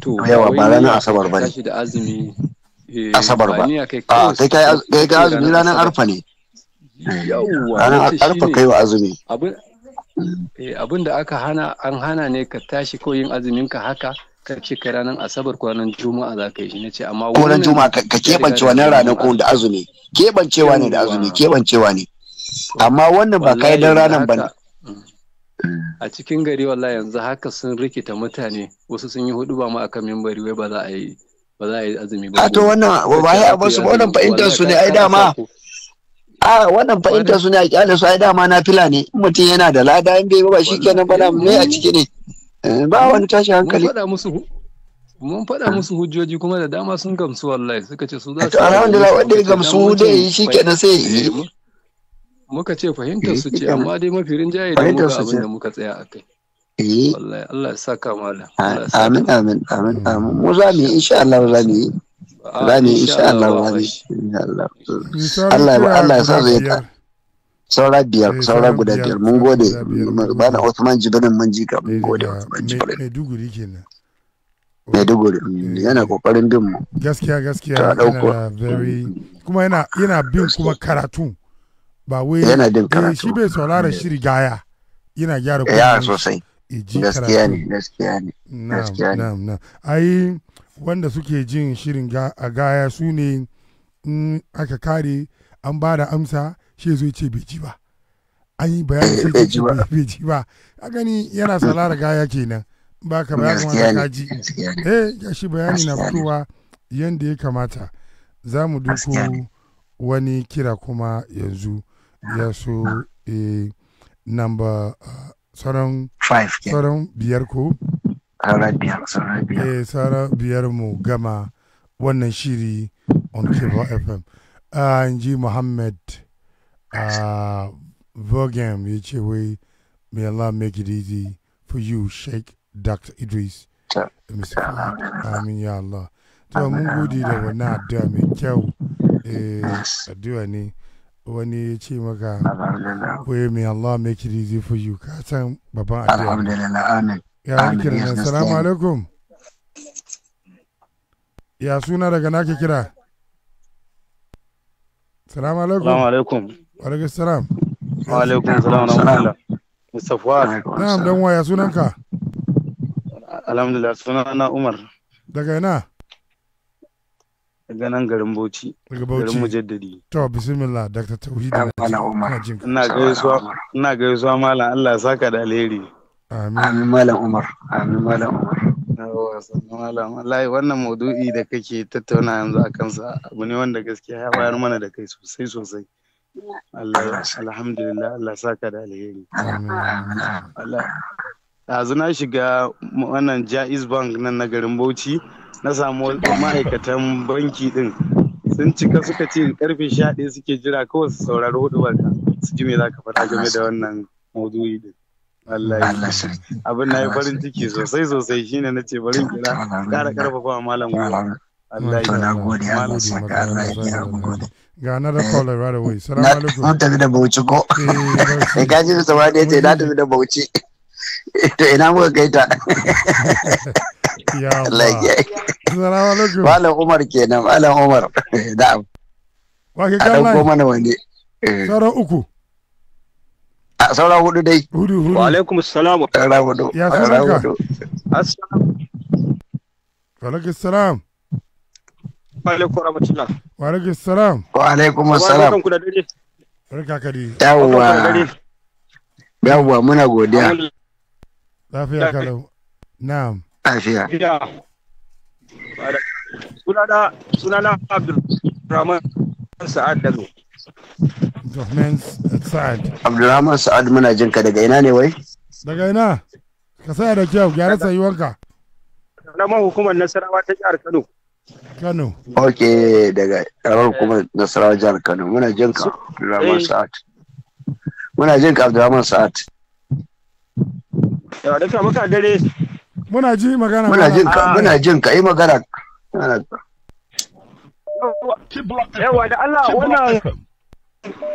to ah, yawa ba ranar eh, asabar ba ne ah, da azumi asabar ba kai kai ga azumi ranar arfa ne ranar arfa kai wa azumi hmm. eh, abin da aka hana an hana ne ka tashi ko yin azumin ka haka ka ce ka ranar asabar ko ranar juma'a za ka yi shi na ce amma ko ranar juma'a ka keɓance wannan ranar ko da azumi keɓancewa ne da azumi keɓancewa ne amma wannan ba kai dan ranar ba ne a cikin gari wallahi yanzu haka sun rikita mutane wasu sun yi hudu ba mu akan mimbari wai ba za a yi ba za a yi azumi ba to wannan ba ya ba su wannan fahimtar su ne ai dama a wannan fahimtar su ne a kyale su ai dama na fila ne mutum yana da lada in bai ba shikenan bana me a ciki ne eh, ba wani tashi hankali mun faɗa musu hujjoji kuma da dama sun gamsu wallahi suka ce su za su alhamdulillah wanda ya gamsu dai shikenan sai eh, muka ce fahimtar eh, su ce amma dai mafi rinjaye da muka abin da muka tsaya a kai eh. wallahi Allah ya saka mala amin amin amin amin mu za mu yi insha Allah za mu yi za mu yi insha Allah za mu yi Allah Allah ya sa zai ta saura biyar eh, saura guda biyar mun gode ba na Osman Jibrin mun ji ka mun gode Osman Jibrin Maiduguri kenan Maiduguri mm, yana kokarin bin mu gaskiya gaskiya yana very kuma yana yana bin kuma karatu ba wai yana da eh, karatu shi bai saurara shiri gaya yana gyara kuma ya sosai gaskiya ne gaskiya ne gaskiya ne ai wanda suke jin shirin a gaya su ne in aka kare an ba da amsa shi zo ce bai ji ba an yi bayani eh, sai ce bai ji ba a gani yana salara gaya kenan ba ka ba kuma ka ji eh ga shi bayani na fitowa yanda ya kamata za mu duko wani kira kuma yanzu. ya so e eh, number uh, biyar ko eh, sauran biyar mu gama wannan shiri on Cable FM uh, ah, ji Muhammad ah, vogam ya ce wai may Allah make it easy for you Sheikh Dr. Idris Amin ya Allah to mun gode da wannan addu'a mai kyau eh, addu'a ne wani ya ce maka wai mai Allah make it easy for you ka san babban addu'a alhamdulillah amin ya wani kira nan salamu alaikum ya suna daga nake kira salamu alaikum salamu alaikum wa alaikum salam wa alaikum salam wa rahmatullah mustafwar na'am dan waya sunanka alhamdulillah sunana umar daga ina ganan garin Bauchi garin mujaddadi to bismillah dr tauhid ina gaisuwa ina gaisuwa malam Allah ya saka da alheri amin amin malam umar amin malam umar wallahi wannan maudu'i da kake tattauna yanzu a kansa abu ne wanda gaskiya ya bayar mana da kai sosai sosai alhamdulillah Allah saka da alheri Allah yanzu na shiga wannan Jaiz Bank nan na garin Bauchi na samu ma'aikatan banki din sun cika suka ce karfe sha ɗaya suke jira kawai su saurari hudu barka su ji me za ka faɗa game da wannan maudu'i din abin na yi farin ciki sosai sosai shine na ce farin kira ƙara ƙarfafa wa malam Allah ya gode Allah saka Allah ya yi ga another caller right away salamu alaikum na tafi da bauchi ko eh gaji eh, da sabani ya ce na tafi da bauchi to ina muka kai ta Malam Umar kenan, Umar. Eh. A sauran hudu dai. Hudu hudu. Wa alaikum salam. Ya Wa alaikum salam. Wa alaikum rahmatullah. Wa alaikum Barka muna godiya. Lafiya kalau. Na'am. Lafiya. Ya. Sunana sunana Abdul Sa'ad da Rahman Sa'ad. Abdulrahman Sa'ad muna jin ka daga ina ne wai? Daga ina? Ka saya da kyau, gyara sayuwanka Karamar hukumar Nasarawa ta jihar Kano. Kano. Ok, daga karamar hukumar Nasarawa jihar Kano. Muna jin ka Abdulrahman eh. Sa'ad. Muna jin ka Abdulrahman Sa'ad. Yawa da kama ka dare muna ji magana muna jin ka muna jin ka yi magana yawa da Allah wannan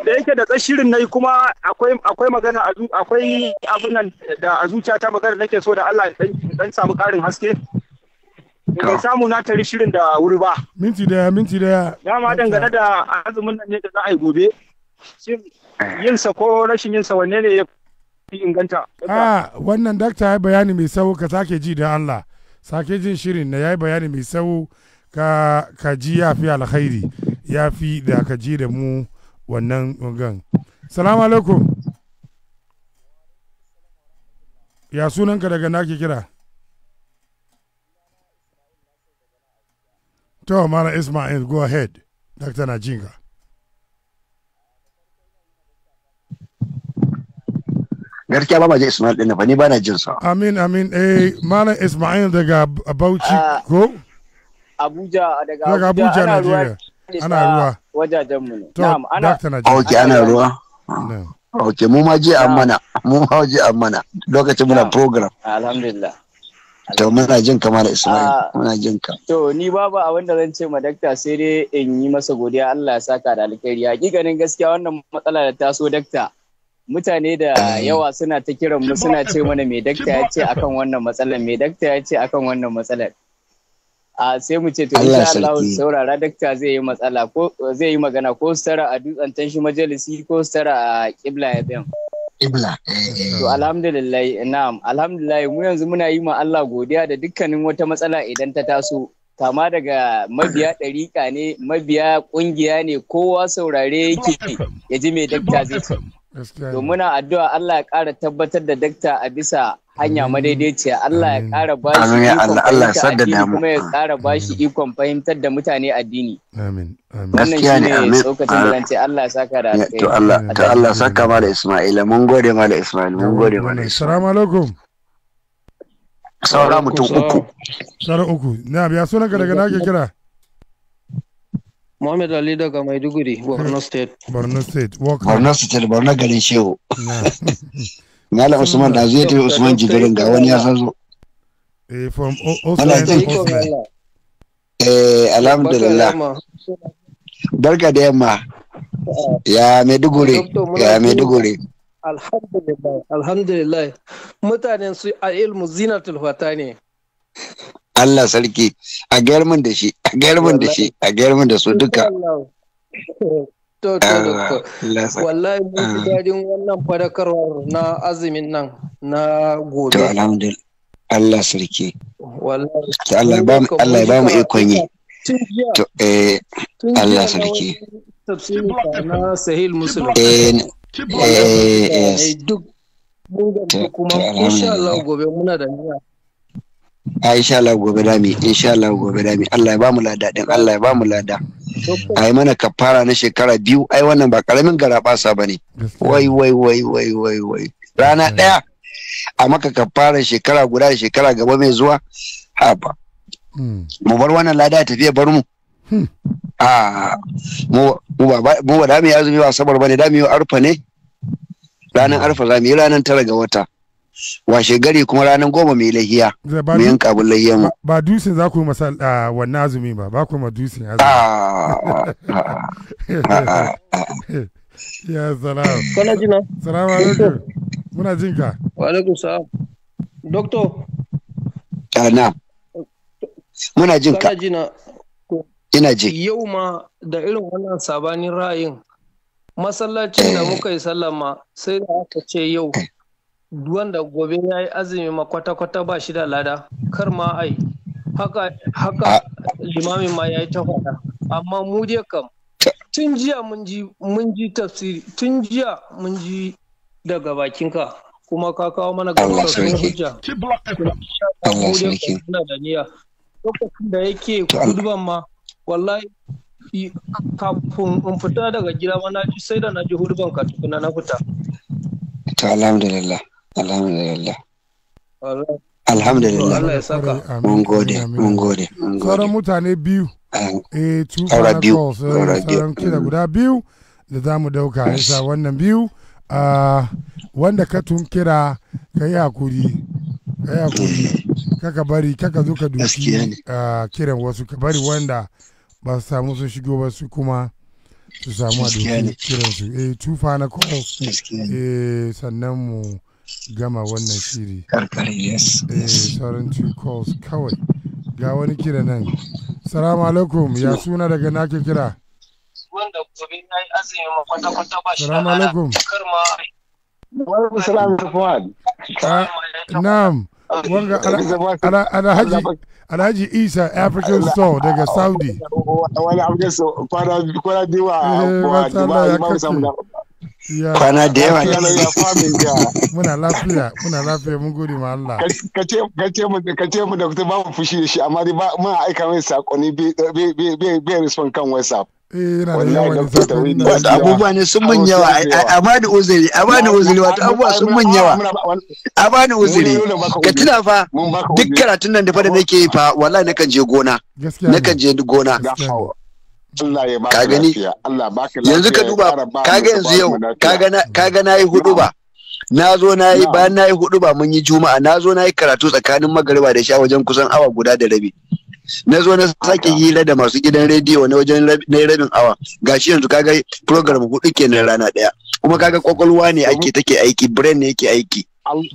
da yake da tsashirin nai kuma akwai akwai magana akwai abin nan da a zuciyata magana nake so da Allah dan samu karin haske ban samu na tari shirin da wuri ba minti daya minti daya dama dangane da azumin nan ne da za a yi gobe shin eh. yin sa ko rashin yin sa wanne ne ya inganta. A wannan dakta ya bayani mai tsawo ka sake ji da Allah sake jin shirin na ya yi bayani mai tsawo ka ji ya fi alkhairi ya fi da ka ji da mu wannan gan. Salamu alaikum. Ya ka daga nake kira? To, Ismail, go ahead. Dr. Najinga. gaskiya ba ma je Ismail ɗin ba ni ba na jin sa amin amin eh malam Ismail daga Bauchi ah, ko Abuja daga Abuja, ana ruwa. ana ruwa wajajen mu ne na'am ah, ana ana ruwa ah. Ok mu ma je an mana mu ma je an mana lokacin muna program alhamdulillah To muna jin ka Malam Ismail, muna jin ka. To ni babu abin da zan ce ma dakta sai dai in yi masa godiya Allah ya saka da alkhairi. Hakikanin gaskiya wannan matsala da taso dakta mutane da eh. yawa suna ta kiran mu suna ce mana mai dakta ya ce akan wannan matsalar mai dakta ya ce akan wannan matsalar a sai mu ce to insha Allah saurara dakta zai yi matsala ko zai yi magana ko sara a dutsen tanshi majalisi ko sara a kibla FM kibla eh, to alhamdulillah na'am alhamdulillah mu yanzu muna yi ma Allah godiya da dukkanin wata matsala idan ta taso kama daga mabiya ɗariƙa ne mabiya ƙungiya ne kowa saurare yake ya ji mai dakta zai Domin muna addu'a Allah ya ƙara tabbatar da dakta a bisa hanya madaidaiciya Allah ya ƙara ba shi ikon addini kuma ya ba shi ikon fahimtar da mutane addini. Amin. Wannan shi ne tsokacin da ce Allah saka da alkai. To Allah to Allah saka ma da Isma'ila mun gode ma da Isma'il mun gode ma da Assalamu alaikum. Saura mutum uku. uku. Na biya sunan ka daga nake kira. Muhammad Ali daga Maiduguri, Borno State. Borno State, Walker. Borno State, Borno garin Shehu. Malam Usman da zai tafi Usman Jibrin, ga wani ya san zo. Eh, from Osman. Eh, alhamdulillah. Barka da yamma. Ya Maiduguri, ya Maiduguri. Alhamdulillah, alhamdulillah. Mutanen su a ilmu zinatul fata ne. Allah sarki a gayar da shi a gayar da shi a gayar da su duka to to ah, wallahi mun ah. dadin wannan fadakarwar na azumin nan na gobe to alhamdulillah Allah sarki wallahi Allah ba mu Allah ba mu ikon yi to eh Allah sarki na sahil muslim eh eh, eh, eh duk mun ga kuma insha Allah gobe muna da niyya a insha Allah gobe dami insha Allah gobe dami Allah ya ba mu lada din Allah ya ba mu lada ai mana kafara na shekara biyu ai wannan ba karamin garabasa ba ne wai wai wai wai wai wai rana mm. ɗaya a maka kafara shekara guda da shekara gaba mai zuwa haba hmm. mu bar wannan lada ta tafiya bar mu hmm. a mu ba dami azumi ba sabar ba ne dami arfa ne ranar arfa za mu yi ranar tara ga wata washe gari kuma ranar goma mai lahiya mu yanka abin lahiya mu ba dusin za ku yi masa ah, wannan azumi ba ba ku ma dusin azumi ah. ya salam kana jina salam alaikum muna jin ka wa alaikum salam doctor ah, na muna jin ka Kana jina. ina ji yau ma da irin wannan sabanin ra'ayin masallacin da eh. muka yi sallama sai da aka ce yau wanda gobe ya yi azumi ma kwata-kwata ba shi da lada kar ma ai haka haka limamin ma ya yi ta faɗa amma mu dai kam tun jiya mun ji tafsiri tun jiya mun ji daga bakinka kuma ka kawo mana ga hujja Allah sarki lokacin da yake kuduban ma wallahi kafin in fita daga gida ma na ji sai da na ji huduban ka tukuna na fita ta alhamdulillah alhamdulillah alhamdulillah Allah ya mun gode mun gode mun sauran mutane biyu eh two eh, sauran biyu sauran kira mm. guda biyu da za mu dauka yasa wannan biyu ah, wanda ka tun kira ka yi hakuri ka yi hakuri eh. kaka bari kaka zo ka duki ah, kiran wasu ka bari wanda ba su samu su shigo ba su kuma su samu a duki kiransu eh tufa na calls eh sannan mu gama wannan shiri karkare eh, two calls kawai ga wani kira nan salamu alaikum ya suna daga nake kira salamu alaikum ah, wanga alhaji alhaji isa african store daga saudi wani abu da su kwana a kwana da yawa ne muna lafiya muna lafiya mun gode ma Allah kace mu kace mu da kuma ba mu fushi da shi amma dai ba muna aika mai sakonni bai respond kan whatsapp eh, Wata abubuwa ne sun mun yawa, a bani uzuri, a da uzuri, wata abubuwa sun mun yawa, a bani uzuri. Ka tuna fa duk karatun nan da fa da nake yi fa, wallahi nakan je gona, nakan je gona. ka gani yanzu ka duba Ka ga yanzu yau kaga na yi hudu ba na zo na yi ba na yi hudu ba mun yi juma'a na zo na yi karatu tsakanin magariba da sha wajen kusan awa guda da rabi na zo na sake hira da masu gidan rediyo na wajen na rabin awa gashi yanzu kaga program hudu kenan rana daya kuma kaga kwakwalwa ne ake take aiki brain ne yake aiki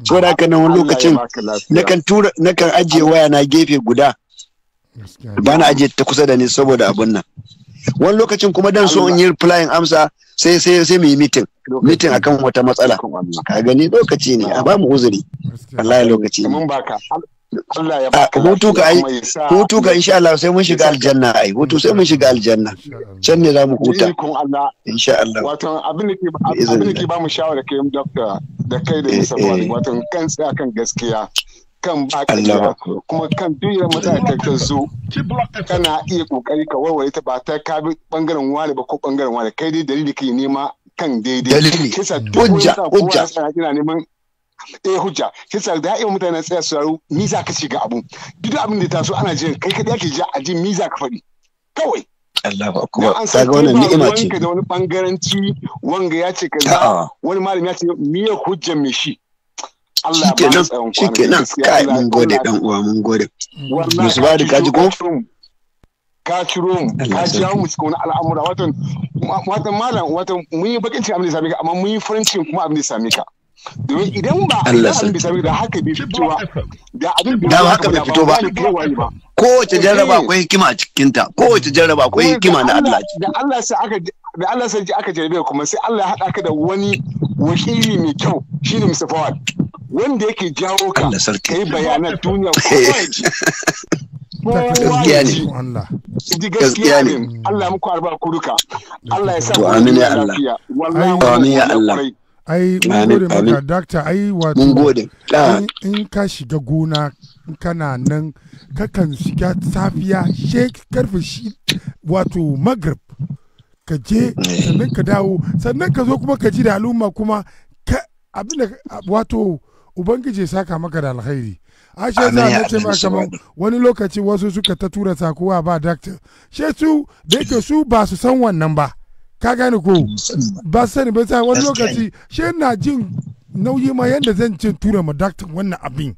ko da kana wani lokacin nakan tura nakan ajiye waya na gefe guda bana ajiye ta kusa da ni saboda abun nan wani lokacin kuma dan so in yi replying amsa sai sai sai mu yi meeting meeting akan wata matsala ka gani lokaci ne a ba mu uzuri wallahi lokaci ne Allah ya baka hutu ka ai hutu ka insha Allah sai mun shiga aljanna ai hutu sai mun shiga aljanna can ne zamu huta insha Allah wato abin da ke abin da ke ba mu shawara kai doctor da kai da sabuwa eh, eh. wato kan tsaya kan gaskiya kan baka kuma kan duniyar matsala da ta zo kana iya kokari ka warware ta ba ta ka bi bangaren wani ba ko bangaren wani kai dai dalili kai nema kan daidai dalili hujja hujja yana neman eh hujja kisa sa da yayin mutane tsaya su yaro mi za ka shiga abu duk abin da ta so ana jin kai kadai ake ji a ji mi za ka faɗi kawai Allahu akbar kaga wannan ni'ima ce wani wanga ya ce wani malami ya ce miya hujja mai shi Allah ba mu tsawon kwana. Shikenan, kai mun gode dan uwa mun gode. Musu ba kaji ko? Ka ciro ka mu wani al'amura watan watan malam watan mun yi bakin abin da same ka amma mun yi farin kuma abin da same ka. Domin idan ba abin da same da haka bai fito ba. Da abin da haka bai fito ba. Kowace jarraba eh. akwai hikima a cikinta, kowace jarraba akwai hikima na Allah. Da Allah sai aka da Allah sarki aka jarabe kuma sai Allah ya haɗa ka da wani wakili mai kyau shi ne Mr. Fawad wanda yake jawo ka kai bayanan duniya kowa gaskiya ne gaskiya ne Allah muku albarka kuruka Allah ya sa ku lafiya wallahi amin ya Allah ai mun gode maka dakta ai wato mun gode ah. in ka shiga gona kana nan kakan shiga safiya she karfe shi wato magrib ka je sannan ka dawo sannan ka zo kuma ka ji da al'umma kuma abinda wato ubangiji ya saka maka da alkhairi ashe za na ce ma kamar wani lokaci wasu suka ta tura sakowa ba doctor she su da yake su ba su san wannan ba ka gane ko ba su sani ba sai wani lokaci she na jin nauyi ma yadda zan ce tura ma doctor wannan abin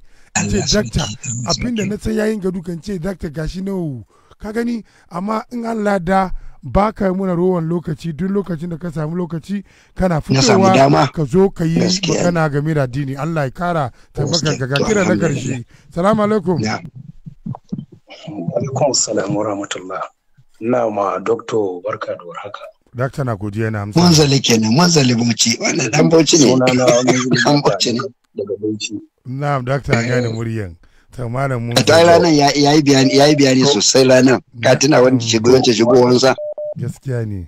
ce doctor abin da na san yayin gadu kan ce doctor gashi nawo ka gani amma in Allah da ba ka yi muna rowan lokaci duk lokacin da ka samu lokaci kana fitowa ka zo ka yi magana game da addini Allah ya kara ta tabbatar ga kira na karshe salamu alaikum alaikum salam wa rahmatullah ina ma doctor barka da warhaka Dakta na godiya na amsa. Manzali kenan, Manzali Bauchi, wannan dan Bauchi ne. Dan Bauchi ne. Daga Bauchi. Na'am, Dakta ya gane eh. muryan. ta malamin ta ranar ya yi bayani sosai ranar ka tuna wanda mm. shigo wancan wansa gaskiya ne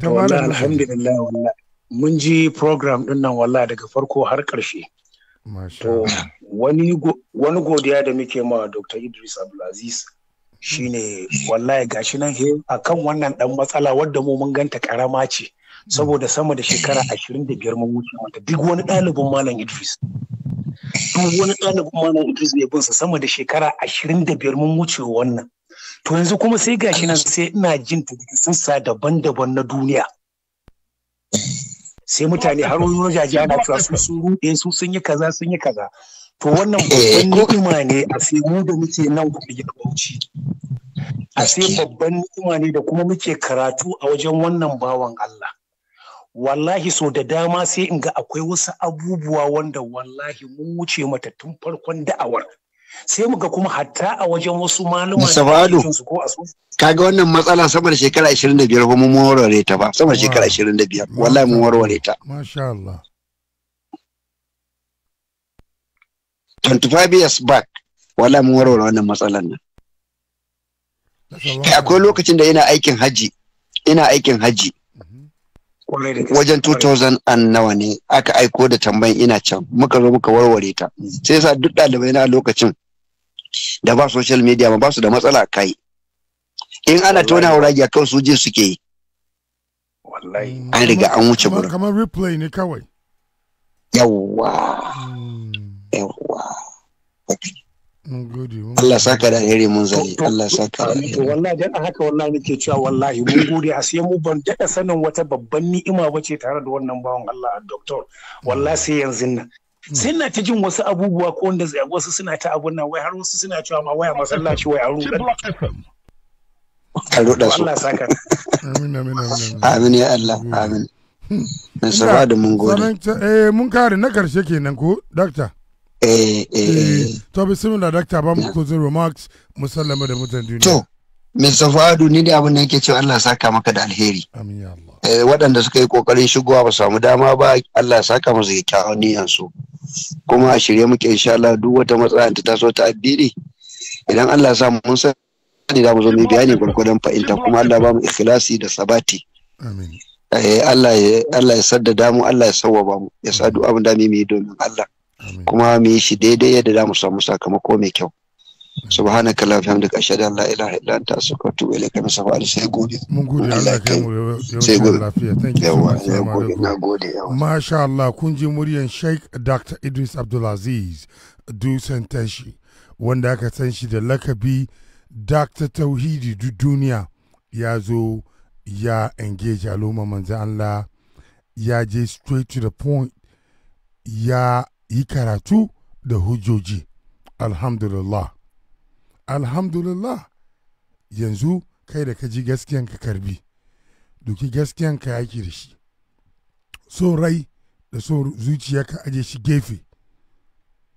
ta alhamdulillah wallah mun ji program din nan wallah daga farko har ƙarshe to wani godiya da muke ma Dr. Idris Abdulaziz shine wallahi gashi nan he akan wannan dan matsala wadda mu mun ganta karama ce saboda sama da shekara 25 mun wuce mata duk wani ɗalibin malam Idris duk wani ɗalibin malam Idris ne bin sa sama da shekara 25 mun wuce wannan to yanzu kuma sai gashi nan sai ina jin ta daga sassa daban-daban na duniya sai mutane har wani wajaje ana cewa su sun su sun yi kaza sun yi kaza to wannan eh, babban ni'ima ne a sai mu da muke nan kuma yi bauchi a sai babban ni'ima ne da kuma muke karatu a wajen wannan bawan Allah wallahi so da dama sai in ga akwai wasu abubuwa wanda wallahi mun wuce mata tun farkon da'awar sai muka kuma hatta a wajen wasu da su ko a su. kaga wannan matsala sama da shekara 25 kuma mun warware ta ba sama da shekara 25 wallahi mun warware ta masha Allah 25 years back wallahi mun warware wannan matsalan nan akwai lokacin da ina aikin haji ina aikin haji wajen 2000 an nawa ne aka aiko da tambayin ina can muka zo muka warware ta sai sa duk ɗalibai na lokacin da ba social media ma ba su da matsala kai in ana tona a kawai su je suke yi mm, an riga an wuce gurin kamar replay ne kawai yawwa mm. yawwa Allah saka da alheri mun zali Allah saka da alheri wallahi dan haka wallahi nake cewa wallahi mun gode a sai mu ban daɗa sanin wata babban ni'ima bace tare da wannan bawan Allah doctor wallahi sai yanzu nan hmm. sai ta jin wasu abubuwa ko wanda wasu suna ta abun nan wai har wasu suna cewa ma waya masallaci wai a ruɗa a ruɗa su Allah saka amin amin amin ya Allah amin hmm. saba da mun gode eh mun kare na karshe kenan ko doctor Eh, eh, eh, to bi to da dakta ba mu closing remarks musallama da mutan duniya to Mr. Fuadu ni da abin da yake cewa Allah saka maka da alheri. Amin ya Allah. Eh, waɗanda suka yi kokarin shigowa ba samu dama ba Allah saka musu kyakkyawan niyan su. Kuma a shirye muke insha Allah duk wata matsala ta taso ta addini idan Allah sa mun san ne za mu zo mu bayani gwargwadon fa'inta kuma Allah ba mu ikhlasi da sabati. Amin. Eh, Allah ya Allah ya Allah ya sawwaba mu ya sa duk abin da mu yi domin Allah. kuma mu yi shi daidai yadda za mu samu sakamako mai kyau subhanaka la bihamdika ashhadu an la ilaha illa anta astaghfiruka wa atubu ilayka min safa sai gobe mun gode Allah kai sai gode lafiya thank you yawa gode na gode yawa masha Allah kun ji muryan Sheikh Dr Idris Abdulaziz Dusan Tashi wanda aka san shi da lakabi Dr Tauhidi duk duniya ya zo ya engage al'umma manzo Allah ya je straight to the point ya yi karatu da hujjoji alhamdulillah alhamdulillah yanzu kai da ka ji gaskiyan ka karbi duki gaskiyan ka yaki da shi son rai da son zuciya ka aje shi gefe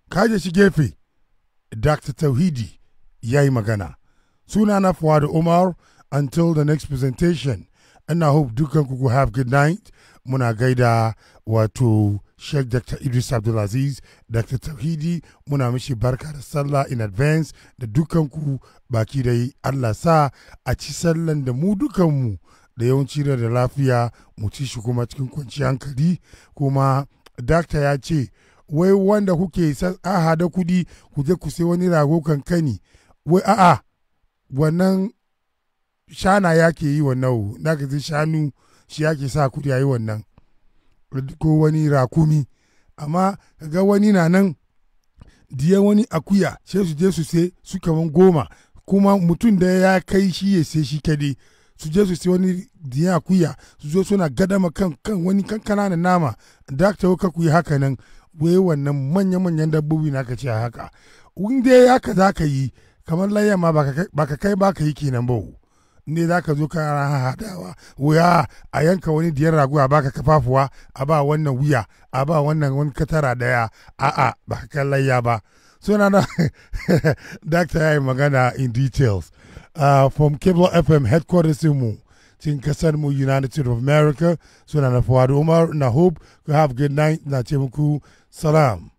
ka aje shi gefe dr tauhidi ya yi magana suna na da umar until the next presentation and i hope dukanku go have good night muna gaida wato Sheikh Dr. Idris Abdulaziz, Dr. Tauhidi muna mishi barka da sallah in advance da dukanku baki da yi Allah sa a ci sallan da mu dukanmu da yawanci da lafiya mu ci shi kuma cikin kwanciyar hankali kuma dakta ya ce wai wanda kuke aha da kudi ku je ku sai wani rago kankani wai a'a wannan shana ya ke yi wannan na shanu shi yake sa kudi yayi wannan ko wani rakumi amma ga wani na nan diya wani akuya sai su je su sai su kaman goma kuma mutum da ya kai shi ya sai shi kade su je su sai wani diya akuya su zo suna gadama kan kan wani kan na nama da ta ku yi haka nan wai wannan manya-manyan dabbobi na ka ce haka in dai ka za ka yi kamar layya ma ba ka kai ba ka yi kenan ba ne za ka zo kana hadawa wuya a yanka wani diyar rago a baka kafafuwa a ba wannan wuya a ba wannan wani katara daya a'a ba ka kallayya ba suna na dakta ya yi magana in details uh, from cable fm headquarters mu cikin kasar mu united states of america suna na fawadu umar na hope you have good night na ce muku salam